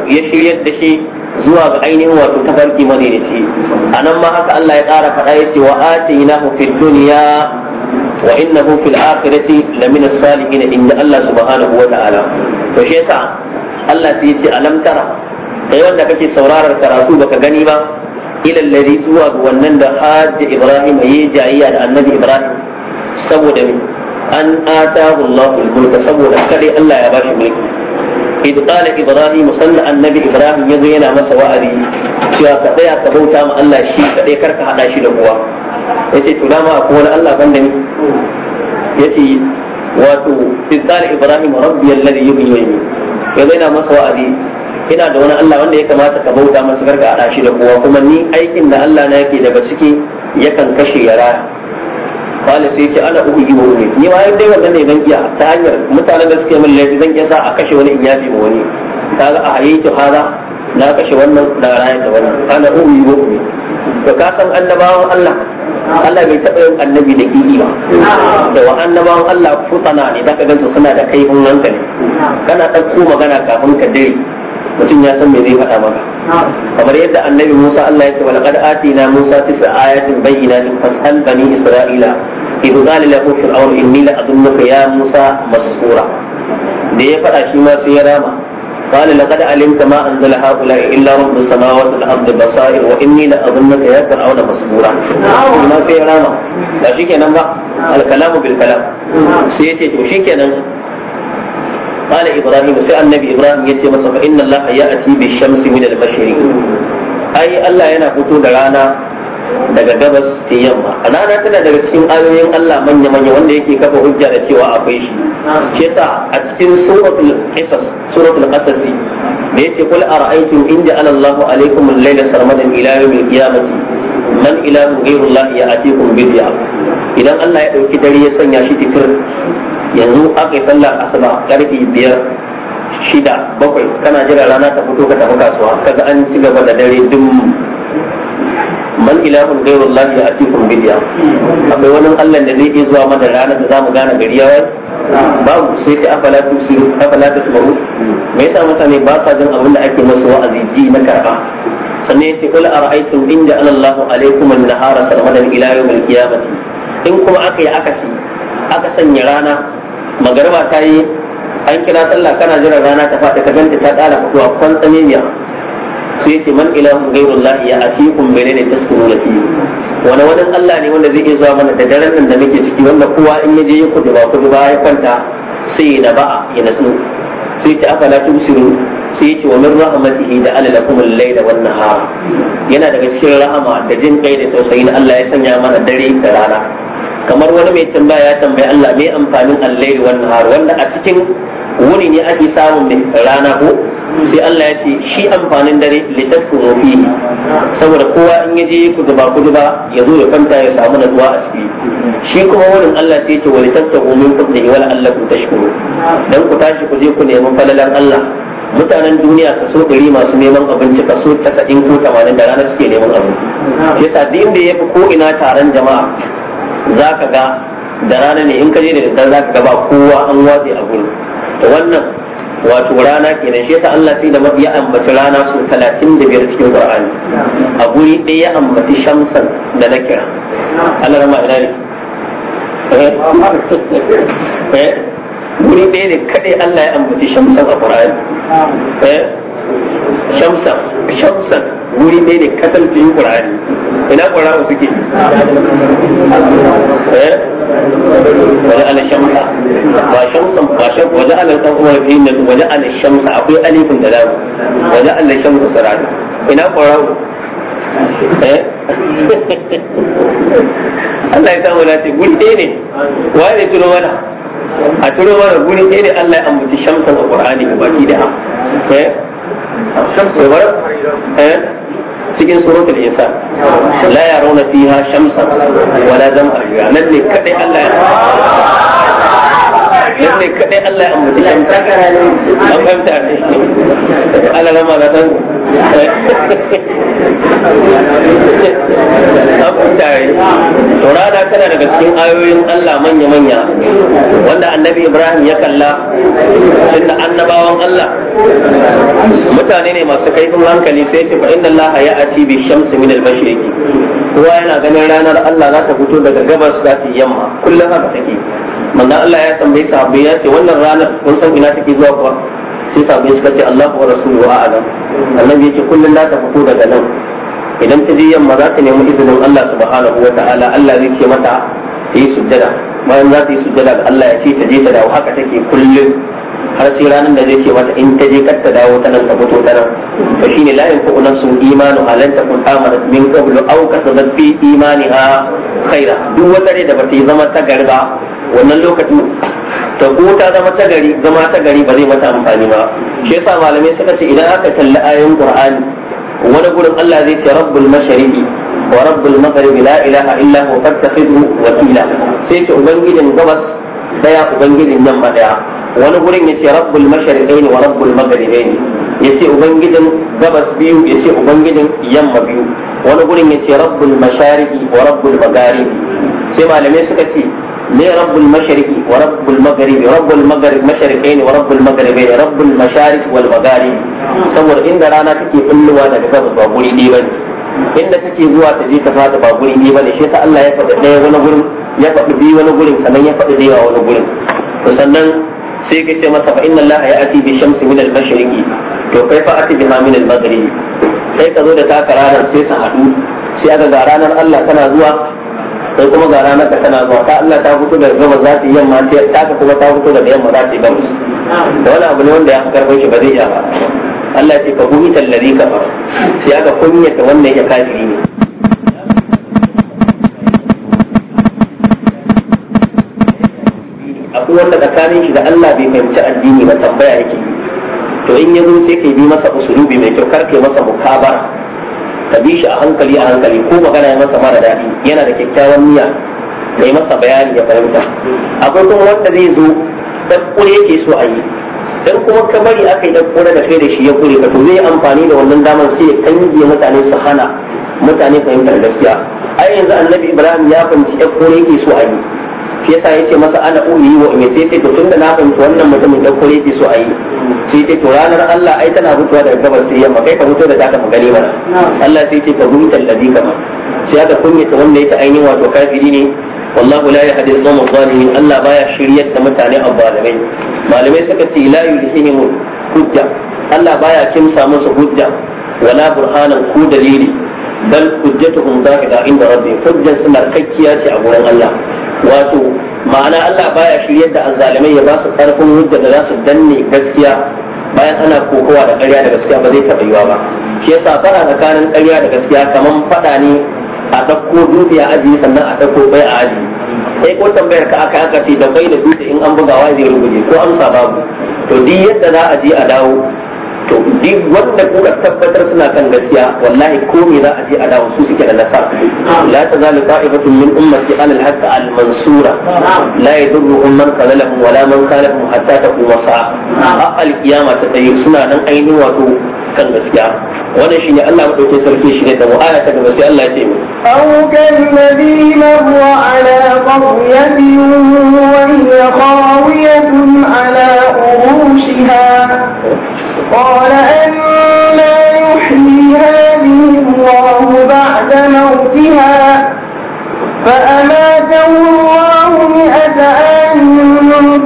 ya shiryar da shi zuwa ga ainihin wato tafarki a anan ma haka Allah ya ƙara faɗa ya ce wa atinahu fid dunya wa innahu fil akhirati lamina salihin inda Allah subhanahu wa ta'ala to shi yasa Allah sai yace alam tara kai wanda kake sauraron karatu baka gani ba ila alladhi zuwa ga wannan da hajji Ibrahim yayi jayayya da annabi Ibrahim saboda an atahu Allahu al-mulka saboda kare Allah ya bashi mulki إذ قال إبراهيم صلى النبي إبراهيم يزينا مسا وأري cewa ka tsaya ka bauta ma Allah shi kaɗai kar ka haɗa shi da kowa ya ce tuna ma ko wani Allah ban da ni ya ce wato izkar ibrahim rabbi alladhi yuhyi ya zaina masa wa'azi ina da wani Allah wanda ya kamata ka bauta masa karka ada shi da kowa kuma ni aikin da Allah na yake daga ciki yakan kashe ya raya sai ce ana ubi wa ne ni ma dai wannan ne zan iya ta hanyar mutanen da suke min laifi zan iya sa a kashe wani in yafi ma wani kaga a hayyatu hada na kashe wannan da rayar da wannan ana ubi wa ne to ka san annabawan Allah Allah bai taɓa yin annabi da ƙiƙi ba da wa annabawan Allah futana ne zaka gan su suna da kai kaifin hankali kana ɗauko magana kafin ka dare mutum ya san me zai faɗa maka kamar yadda annabi Musa Allah ya ce walaqad atina Musa tis'a ayatin bayyinatin fas'al bani Isra'ila idh qala lahu fir'aun inni la adunnuka ya Musa masura da ya faɗa shi ma sai ya rama قال لقد علمت ما أنزل هؤلاء إلا رب السماوات والأرض بصائر وإني لأظنك يا فرعون مسبورا ما في راما لا شيء كان الكلام بالكلام سيتي وشيء كان قال إبراهيم سأل النبي إبراهيم يتي مصر فإن الله يأتي بالشمس من المشرق أي الله ينا فتو دعانا daga gabas ta yamma rana tana daga cikin ayoyin Allah manya manya wanda yake kafa hujja da cewa akwai shi ke sa a cikin suratul qisas suratul qasas da yake kul ara'aytum in ja'ala Allahu alaykum al-layla sarmadan ila yawmil qiyamati man ilahun ghayru Allah bi bid'a idan Allah ya dauki dare ya sanya shi tikir yanzu akai sallah sallar asuba karfi biyar shida bakwai kana jira rana ta fito ka tafi kasuwa kaga an ci gaba da dare dum man ilahun gairu Allah a cikin gidiya. akwai wani Allah da zai iya zuwa mana rana da za mu gane gari yawai babu sai ta Afalatu ta su afala ta tubaru me yasa mutane ba sa jin abin da ake musu wa'azi ji na karba sannan yace qul ara'aytum in ja'ala Allahu alaykum an-nahara sarmadan ila yawm al-qiyamati in kuma aka yi akasi aka sanya rana magarba ta yi an kira sallah kana jiran rana ta fata ka ganta ta ƙara fitowa kwantsamiya sai ce man ilahun ghairullah ya atikum menene taskununa fi wani wani Allah ne wanda zai iya zuwa mana da daren nan da muke ciki wanda kowa in ya je ya kudu ba kudu ba ya kwanta sai ya ba ya nasu sai ta na tusiru sai ce wa min rahmatihi da alala kuma al-layla wan nahar yana daga cikin rahama da jin kai da tausayi na Allah ya sanya mana dare da rana kamar wani mai tambaya ya tambayi Allah me amfanin al-layl wan nahar wanda a cikin wuni ne ake samun rana ko sai Allah ya ce shi amfanin dare litaskun fi saboda kowa in ya je ku zuba ku zuba ya zo ya kwanta ya samu natsuwa a ciki shi kuma wurin Allah sai ce wani tattaku min fadlihi wala ku tashkuru dan ku tashi ku je ku nemi falalan Allah mutanen duniya kaso ɗari masu neman abinci kaso tasa'in ko tamanin da rana suke neman abinci yasa duk da ya fi ko ina taron jama'a za ka ga da rana ne in ka je da daddare za ka ga ba kowa an watse a gurin wannan wato rana kenan shi yasa Allah sai da ya ambaci rana su 35 cikin Qur'ani a guri ɗaya ya ambaci shamsan da na kira Allah rama ina ne eh? eh guri ɗaya ne kaɗai Allah ya ambaci shamsan a Qur'ani eh shamsan shamsan guri ɗaya ne kasance Qur'ani ina ƙwararru suke وجعل الشمس وشمسا وجعل القمر عينا وجعل الشمس اقول الف دلال وجعل الشمس سرعه ina ƙwararru eh? Allah ya samu lati guri ɗaya ne wa ne turo mana a turo mana guri ɗaya ne Allah ya ambaci shamsa a ƙwararri baki da ha eh? shamsa shamsu eh? ya cikin suratul insan la yarawna fiha shamsa wala zamhariya nan ne kadai Allah ya nan ne kadai Allah ya ambaci shamsa, an fahimta ne Allah na ma san to tana daga cikin ayoyin Allah manya-manya wanda annabi Ibrahim ya kalla tunda annabawan Allah mutane ne masu kaifin hankali sai ce fa inna Allah ya ati bi shamsi min al-mashriqi kowa yana ganin ranar Allah za ta fito daga gabas da ta yamma kullum haka take manzo Allah ya tambayi sahabbai ya ce wannan ranar kun san ina take zuwa kuwa sai sabai suka ce Allah wa rasulu wa a'lam yake kullun za ta fito daga nan idan ta je yamma za ta nemi izinin Allah subhanahu wa ta'ala Allah zai ce mata ta yi sujjada bayan za ta yi sujjada ga Allah ya ce ta je ta dawo haka take kullum har sai ranar da zai ce mata in ta je kar ta dawo ta nan ta fito ta nan to shine la yanfa'u nafsun imanu alan takun amanat min qablu aw kasabat fi imaniha khaira duk wata da bata zama ta garba wannan lokacin ta ta zama ta gari zama ta gari ba zai mata amfani ba shi yasa malamai suka ce idan aka kalli ayoyin qur'ani wani gurin Allah zai ce rabbul mashariqi wa rabbul maghribi la ilaha illa huwa fattakhidhu wakila sai ce ubangijin gabas daya ubangijin yamma daya wani gurin yace rabbul mashariqain wa rabbul maghribain yace ubangijin gabas biyu yace ubangijin yamma biyu wani gurin yace rabbul mashariqi wa rabbul magharibi sai malamai suka ce ne rabbul mashariqi wa rabbul magharibi rabbul magharib mashariqaini wa rabbul magharibi rabbul mashariq wal magharib saboda inda rana take bullowa daga gabas ba guri ɗaya bane inda take zuwa ta je ta fada ba guri ɗaya bane shi yasa Allah ya faɗi ɗaya wani gurin ya faɗi biyu wani gurin sannan ya faɗi wani gurin sannan sai ka ce masa fa inna Allah ya ati bi shamsi min al mashriqi to kai fa ati biha min al maghribi sai ka zo da taka ranar sai su haɗu sai aka ga ranar Allah tana zuwa sai kuma ga ranar ka tana zuwa ta Allah ta fito da gaba za ta yi yamma ce ta ka kuma ta fito daga yamma za ta yi gabas da wani abu ne wanda ya karfin shi ba zai iya ba Allah ce ka gumi tallari ka ba sai aka kunyata wannan ya kaji ne akwai wanda tsakanin shi da Allah bai fahimci addini ba tambaya yake to in ya zo sai ka bi masa usulubi mai kyau kar ka masa mukabara ka bi shi a hankali a hankali ko magana ya masa mara daɗi yana da kyakkyawan niyya da yi masa bayani ya fahimta akwai kuma wanda zai zo dan kure yake so a yi dan kuma ka bari aka yi dan kure da kai da shi ya kure ka to zai amfani da wannan damar sai ya kange mutane su hana mutane fahimtar gaskiya ai yanzu annabi ibrahim ya fahimci ya kure yake so a yi shi yasa yace masa ana ummi wa ummi sai sai to tunda na fahimci wannan mutumin dan kure yake so a yi sai ce to ranar Allah ai tana hutuwa daga gabar sai yamma kai ka huto da taka magani mana Allah sai ce ka hutar ladhi kama sai aka kunyata wanda yake ainihin wato kafiri ne wallahu la yahdi al-qawm adh-dhalimin Allah baya shiryar da mutane abbalamai malamai suka ce la yulhimu hujja Allah baya kimsa musu hujja wala burhanan ku dalili bal hujjatuhum zahira inda rabbi hujjan suna kakkiya ce a gurin Allah wato ma'ana Allah baya shiryar da azzalimai ya ba su karfin hujja da za su danne gaskiya bayan ana kokowa da ƙarya da gaskiya ba zai taɓa yiwa ba shi yasa fara tsakanin ƙarya da gaskiya kaman faɗa ne a ɗauko dubi a ajiye sannan a ɗauko bai a aji? sai ko tambayar ka aka aka ce da bai da dutse in an buga wa zai rubuje ko amsa babu to duk yadda za a je a dawo to ji wanda kuka tabbatar suna kan gaskiya wallahi ko me za a je a dawo su suke da nasara la tazalu qa'imatun min ummati ala al-haqq al-mansura la yadurruhum man qalalahum wala man qalahum hatta taqum sa'a al-qiyama ta tsaye suna nan ainihin wato kan gaskiya wannan shine Allah madaukakin sarki shine da mu'aya ta gaba sai Allah ya ce أو كالذي مر على قرية وهي خاوية على عروشها قال أما يحيي هذه الله بعد موتها فأماته الله مئة عام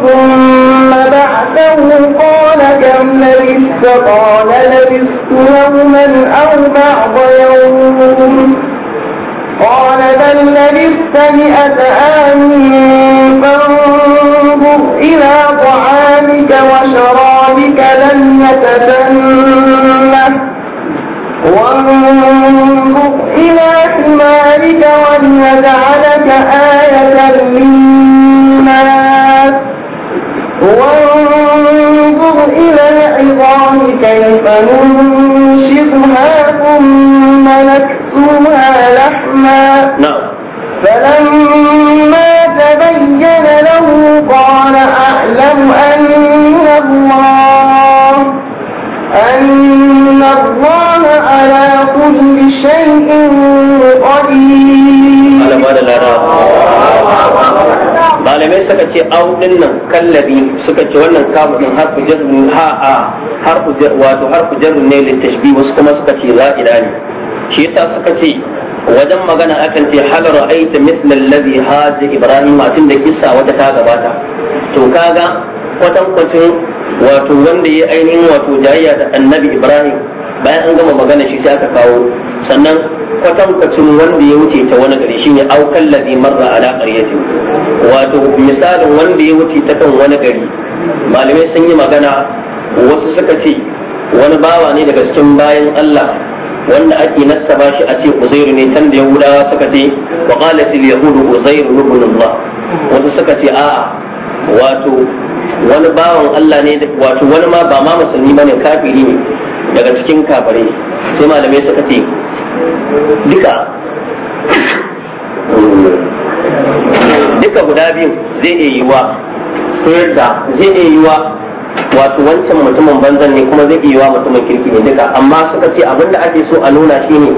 ثم بعثه قال كم لبثت قال لبثت يوما أو بعض يوم قال بل لبثت مئة عام فانظر إلى طعامك وشرابك ربك لن يتسنه وانظر إلى حمارك ولنجعلك آية للناس وانظر إلى العظام كيف ننشفها ثم نكسوها لحما نعم فلما تبين له قال أعلم أن كل شيء قدير على ما malamai suka ce au din nan kallabi suka ce wannan kamu din harfu jazm ha a harfu wato harfu jazm ne li tashbih wasu kuma suka ce za za'ida ne shi yasa suka ce wajen magana akan ce hal ra'aita mithla alladhi haja ibrahim a tunda kissa wata ta gabata to kaga kwatan kwacin wato wanda ya ainihin wato jayya da annabi ibrahim bayan an gama magana shi sai aka kawo sannan kwatankwacin wanda ya wuce ta wani gari shine aukan ladhi marra ala qaryati wato misalin wanda ya wuce ta kan wani gari malamai sun yi magana wasu suka ce wani bawa ne daga cikin bayan Allah wanda ake nassaba shi a ce uzairu ne tan da yahudawa suka ce wa qalat al yahud uzairu ibn Allah wasu suka ce a'a wato wani bawan Allah ne wato wani ma ba ma musulmi bane kafiri ne daga cikin kafare sai malamai suka ce duka duka guda biyu zai iya yiwa ta yadda zai iya yiwa wato wancan mutumin banzan ne kuma zai iya yiwa mutumin kirki ne duka amma suka ce abinda ake so a nuna shine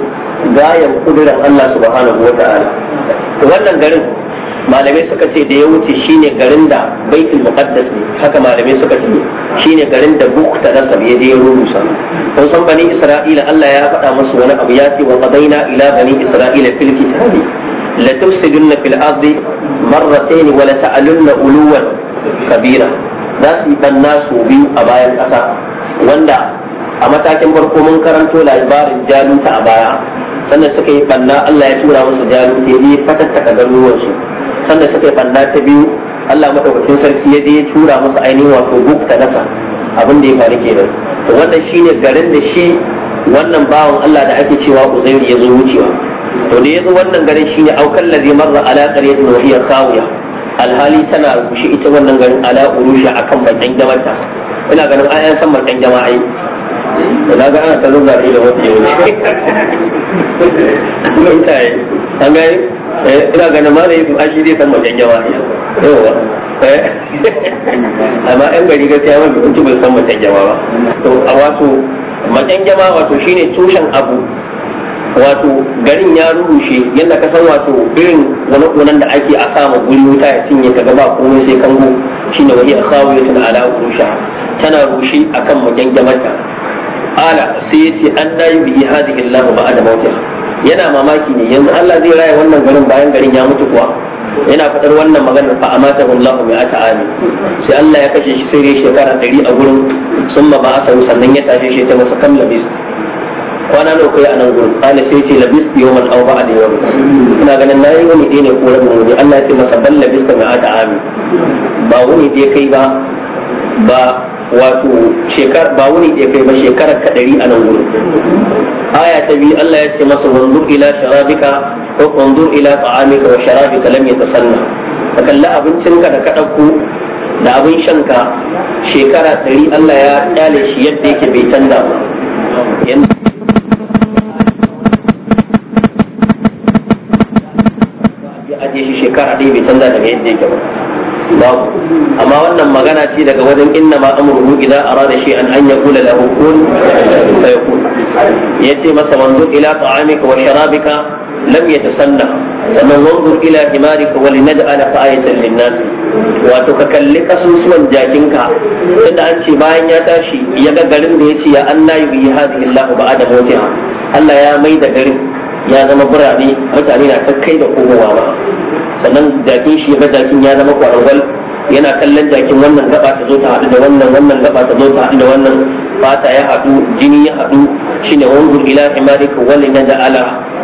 gayar kudirin Allah subhanahu wa ta'ala wannan garin malamai suka ce da ya wuce shine garin da baitul muqaddas ne haka malamai suka ce shine garin da bukta nasar ya je ya rubuta kun san bani isra'ila Allah ya faɗa musu wani abu ya ce wa qadaina ila bani isra'ila fil kitabi la tufsidunna fil ardi marratayn wa la ta'alunna uluwan kabira za su yi banna su biyu a bayan ƙasa wanda a matakin farko mun karanto labarin jaluta a baya sannan suka yi banna Allah ya tura musu jaluta ya yi fatattaka garuruwansu sannan suka yi banna ta biyu Allah madaukakin sarki ya je ya tura musu ainihin wato buk ta nasa abin da ya faru kenan to wannan shine garin da shi wannan bawan Allah da ake cewa Uzairu ya zo wucewa to da ya zo wannan garin shine aukan ladhi marra ala qaryatin wa hiya khawiya alhali tana rushe ita wannan garin ala urusha akan bakin jama'ta ina ganin ayan san bakin jama'a to na ga ana ta zazzare da wata yau ne mutane an ga eh, ina ganin ma da yasu ashi zai san bakin jama'a yawa Eh? amma yan gari gaskiya wanda kuke bai san mutan jama ba to a wato mutan jama wato shine tushen abu wato garin ya rurushe yadda ka san wato birin wani kunan da ake a sama guri wuta ya cinye ta gaba komai sai kango shine wani khawiyatun ala rusha tana rushe akan mutan jama'ta ala sai yace an la yubi hadhihi allah ba'da mautiha yana mamaki ne yanzu Allah zai raya wannan garin bayan garin ya mutu kuwa yana faɗar wannan maganar fa amata Allah mai ata ami sai Allah ya kashe shi sai shekara ɗari a gurin sun ma ba a sau sannan ya tashe shi ta masa kan labis kwana nawa kai a nan gurin kana sai ce labis man au ba da yau ina ganin nayi wani ɗaya ne ko rabin ne Allah ya ce masa bal labis mai ata ami ba wani dai kai ba ba wato shekar ba wani dai kai ba shekarar ka ɗari a nan gurin aya ta biyu Allah ya ce masa wanzu ila sharabika انظر الى طعامك وشرابك لم يتصنع فكلا abincinka da ka dauko da abin shanka shekara ɗari Allah ya kyale shi yadda yake bai canza ba aje shi shekara ɗaya bai canza daga yadda yake ba babu amma wannan magana ce daga wajen inna ma amuru idza arada shi an yaqula lahu kun Ya yace masa wanzu ila ta'amika wa sharabika lam yatasanna sannan wanzur ila himarika wa linaj'ala ka ayatan linnas wato ka kalli kasusuwan jakinka tunda an ce bayan ya tashi ya ga garin da ya ce ya Allah yi hadhihi Allah ba'da mawtiha Allah ya mai da garin ya zama burabe mutane na kai da komowa ba sannan jakin shi ga jakin ya zama kwarangwal yana kallon jakin wannan gaba ta zo ta haɗu da wannan wannan gaba ta zo ta haɗu da wannan fata ya haɗu jini ya haɗu shine wanzur ila himarika wa ala.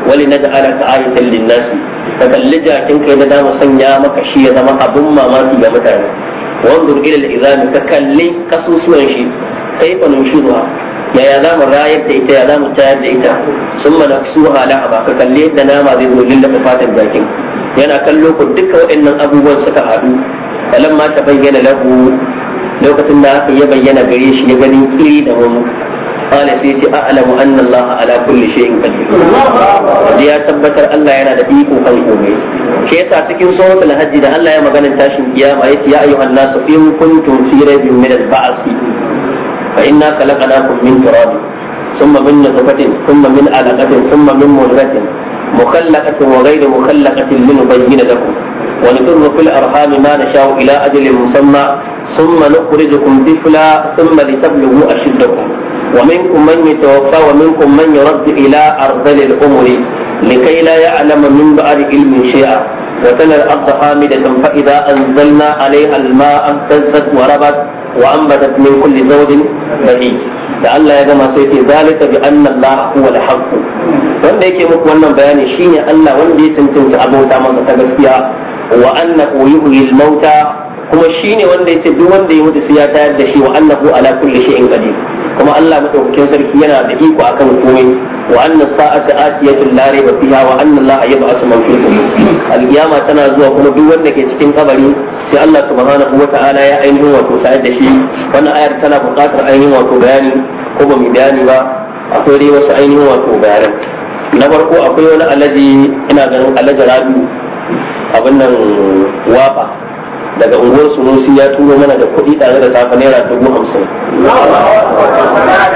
wali na ja'ala ka ayatan linnasi ka kalli jakin kai da zamu sanya maka shi ya zama abun mamaki ga mutane wanzur ila al-izami ka kalli kasusuwan shi kaifa nushuha yaya za mu rayar da ita ya za mu tayar da ita sun mana su hala ba ka kalli yadda nama zai zo lillafa fatan jakin. yana kallo ku duka waɗannan abubuwan suka haɗu falan ta bayyana lahu lokacin da aka ya bayyana gare shi ya gani kiri da mamu qala sai ce a'lamu anna Allah ala kulli shay'in qadir ya tabbatar Allah yana da iko kan komai ke yasa cikin suratul hajj da Allah ya magana tashin kiyama yace ya ayyuhan nas in kuntum fi raybin min al-ba'th fa inna min ثم من نطفة ثم من علقة ثم من مدرة مخلقة وغير مخلقة لنبين لكم ونقر في الأرحام ما نشاء إلى أجل مسمى ثم نخرجكم طفلا ثم لتبلغوا أشدكم ومنكم من يتوفى ومنكم من يرد إلى أرذل الأمر لكي لا يعلم من بعد علم شيئا وتلى الأرض حامدة فإذا أنزلنا عليها الماء اهتزت وربت وأنبتت من كل زوج بهيج لعل يا جماعة سيتي ذلك بأن الله هو الحق wanda yake muku wannan bayani shine Allah wanda ya tuntunta abota masa ta gaskiya wa annahu yuhyi mauta kuma shine wanda yace duk wanda ya mutu sai ya tayar da shi wa annahu ala kulli shay'in qadir kuma Allah madaukakin sarki yana da iko akan komai wa anna sa'ata atiyatun la rayba fiha wa anna Allah yab'asu man fil qubur tana zuwa kuma duk wanda ke cikin kabari sai Allah subhanahu wa ta'ala ya ainihin wato sa'ad da shi wannan ayar tana buƙatar ainihin wato bayani ko ba mu bayani ba akwai dai wasu ainihin wato bayanan na farko akwai wani alaji ina ganin alaji rabi abin nan wafa daga unguwar sunusi ya turo mana da kuɗi tare da safa naira dubu hamsin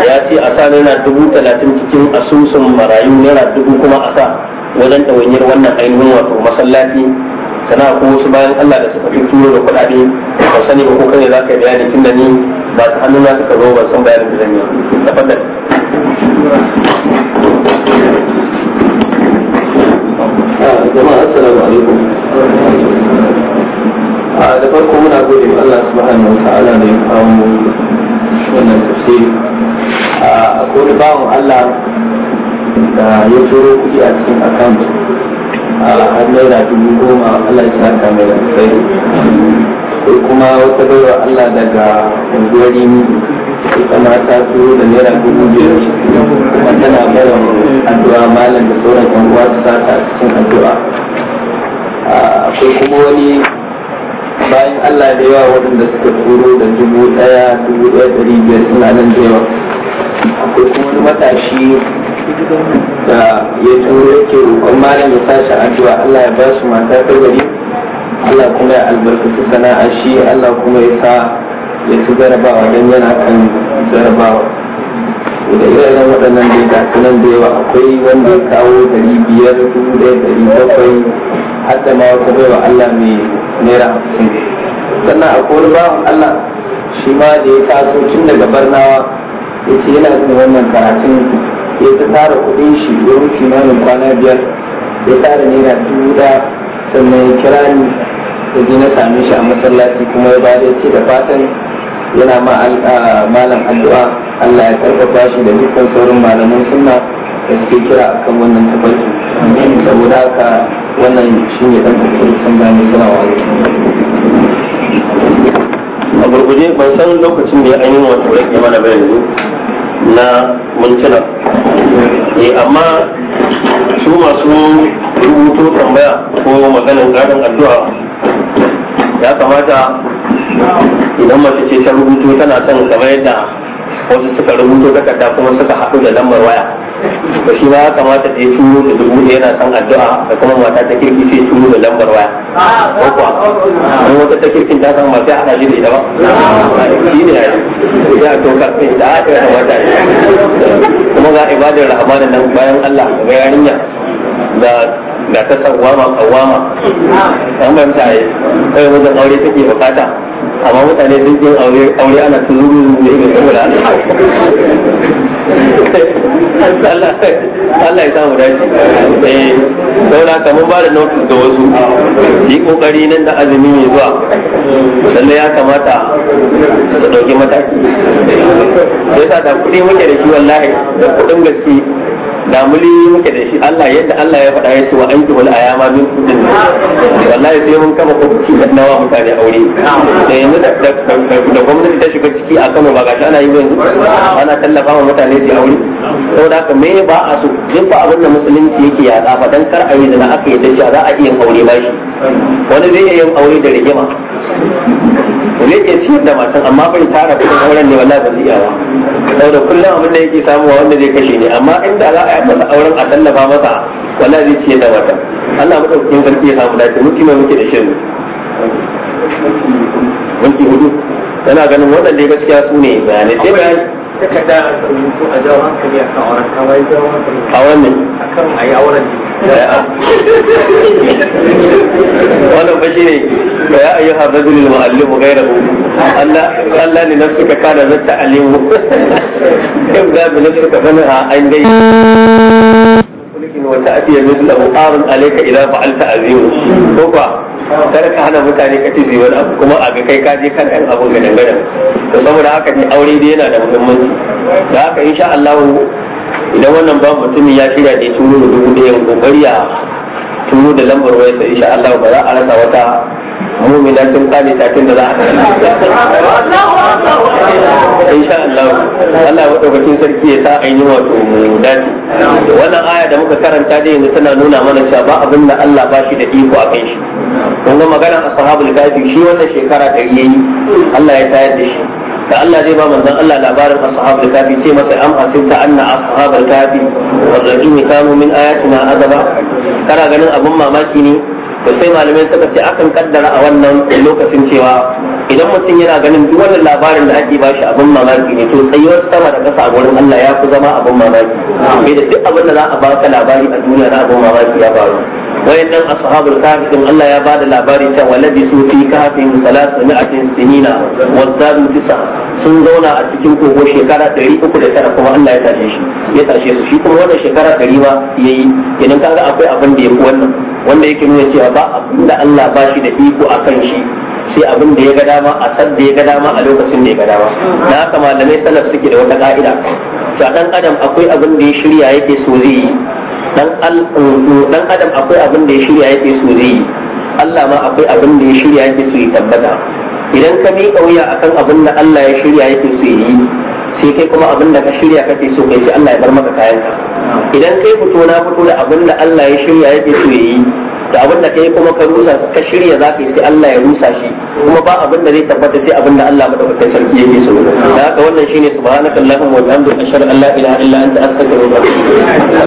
ya ce a sa naira dubu talatin cikin asusun marayu naira dubu kuma a sa wajen ɗawainiyar wannan ainihin wato masallaci sana ko wasu bayan allah da suka fi turo da kuɗaɗe ba sani ba ko kane za ka yi bayani tunda ni ba ta hannuna suka zo ban san bayanin da zan yi jama'a assalamu alaikum a da farko muna gode wa Allah subhanahu wa ta'ala da ya kawo mu wannan tafsiri a akwai bawan Allah da ya turo kuɗi a cikin account a har naira dubu goma Allah ya sa ka mai sai sai kuma wata bayar Allah daga unguwar Rimi ita ma ta turo da naira dubu biyar kuma tana barin addu'a malam da sauran yan uwa su sata a cikin addu'a akwai kuma wani bayan Allah da yawa waɗanda suka turo da dubu ɗaya dubu ɗaya ɗari biyar suna nan da yawa akwai kuma wani matashi da ya turo yake roƙon malam ya sashi addu'a Allah ya ba su mata ta gari Allah kuma ya albarkaci sana'a shi Allah kuma ya sa ya ci jarabawa don yana kan jarabawa da irin waɗannan da ga nan da yawa akwai wanda ya kawo ɗari biyar dubu ɗaya ɗari bakwai har da ma wata baiwa Allah mai naira hamsin sannan a wani bawan Allah shi ma da ya taso tun daga barnawa ya ce yana jin wannan karatun ya ta tara kuɗin shi ya wuce kwana biyar ya tara naira dubu da sannan ya kira ni ya je na same shi a masallaci kuma ya bada ya ce da fatan yana ma malam addu'a Allah ya karfafa shi da dukkan saurin malaman sunna da suke kira akan wannan tabbaci saboda haka wannan shi ne ɗan sun gane suna wa a gurguje ban san lokacin da ya ainihin yi wata rage mana bayan yanzu na mintuna eh amma su masu rubuto tambaya ko maganin gadon addu'a ya kamata idan mace ce ta rubuto tana son kamar yadda wasu suka rubuto takarda kuma suka haɗu da lambar waya shi ma kamata da ya turo da dubu da yana son addu'a da kuma mata ta kirki sai turo da lambar waya ko kuwa don wata ta kirkin ta san masu haɗa jini da ba shi ne ya yi sai a toka kai da aka yi mata kuma ga ibadar rahama da nan bayan Allah ga yarinya da ga ta sawama kawama an ban ta yi kai wajen aure take bukata amma mutane sun yi aure aure ana tunuru ne mai da Allah ya samu dace eh ka kamar ba da notice ga wasu yi kokari nan da azumi ne zuwa sannan ya kamata su dauki mataki sai sa da kudi muke da shi wallahi da kuɗin gaske damuli muke da shi Allah yadda Allah ya faɗa yake wa aiki wal ayama min kudin wallahi sai mun kama kwamfuti da nawa mutane aure da yanzu da gwamnati ta shiga ciki a Kano ba ga na yi yanzu ana tallafa wa mutane su aure da ka me ba a so duk ba abin da musulunci yake yaɗa ba dan kar a yi da aka yi da shi za a iya aure ba shi wani zai iya yin aure da rigima da ke ciyar da matan amma bai tara kuma auren ne wala ba zai saboda kullum abin da yake samuwa wanda zai kashe ne amma inda za a yi masa auren a tallafa masa wala zai ciyar da matan Allah mu dauki sarki ya samu dace mutum mai muke da shi wanki hudu yana ganin wannan dai gaskiya su ne bayanai sai bayani takarda rubutu a jawo hankali akan auren kawai jawo hankali a wannan akan ayi auren wannan ba ne ba ya ayyuha rajul mu'allim ghayrahu Allah Allah ne kada kana zata alimu da bi nafsuka a an dai وتأتي مثله آر عليك إذا فعلت ko ba kada ka hana mutane ka ci wani abu kuma a ga kai ka je kan ɗan abun gadan gadan to saboda haka ne aure dai yana da muhimmanci da haka insha Allah idan wannan ba mutumin ya shirya da ya turo da dubu ɗaya kokari ya turo da lambar wayar sa insha Allah ba za a rasa wata mumina sun kare takin da za a kalla insha Allah Allah madaukakin sarki ya sa a yi wato mu dace wannan aya da muka karanta dai yanzu tana nuna mana cewa ba abin da Allah ba shi da iko a kan shi kun ga maganar ashabul kafi shi wannan shekara da yayi Allah ya tayar da shi da Allah zai ba manzon Allah labarin ashabul kafi ce masa am hasibta anna ashabul kafi wallazina kanu min ayatina azaba kana ganin abun mamaki ne to sai malamai suka ce akan kaddara a wannan lokacin cewa idan mutum yana ganin duk wannan labarin da ake bashi abin mamaki ne to tsayuwar sama da kasa a gurin Allah ya fi zama abin mamaki bai da duk abin da za a baka labari a duniya na abin mamaki ya faru wayannan ashabul kafin din Allah ya bada labari cewa waladi su fi kahfin salatu mi'atin sinina wa zadu tisa sun zauna a cikin kogo shekara 309 kuma Allah ya tashe shi ya tashe su shi kuma wannan shekara 100 ma yayi idan kaga akwai abin da yafi wannan wanda yake nuna cewa ba abin da Allah ba shi da iko akan shi sai abin da ya ga dama a sad da ya ga dama a lokacin da ya ga dama Na haka malamai salaf suke da wata ka'ida cewa dan adam akwai abin da ya shirya yake so zai yi Eh, dan adam akwai abin da ya shirya yake so zai yi Allah ma akwai abin da ya shirya yake so ya tabbata idan ka bi kauya akan abin da Allah ya shirya yake so ya yi sai kai kuma abin da ka shirya kake so kai sai Allah ya bar maka kayan ka idan kai fito na fito da abin da Allah ya shirya yake so ya yi da abin da kai kuma ka rusa ka shirya za ka yi sai Allah ya rusa shi kuma ba abin da zai tabbata sai abin da Allah madaukakin sarki yake so da haka wannan shine subhanakallahumma wa bihamdika ashhadu an la ilaha illa anta astaghfiruka wa atubu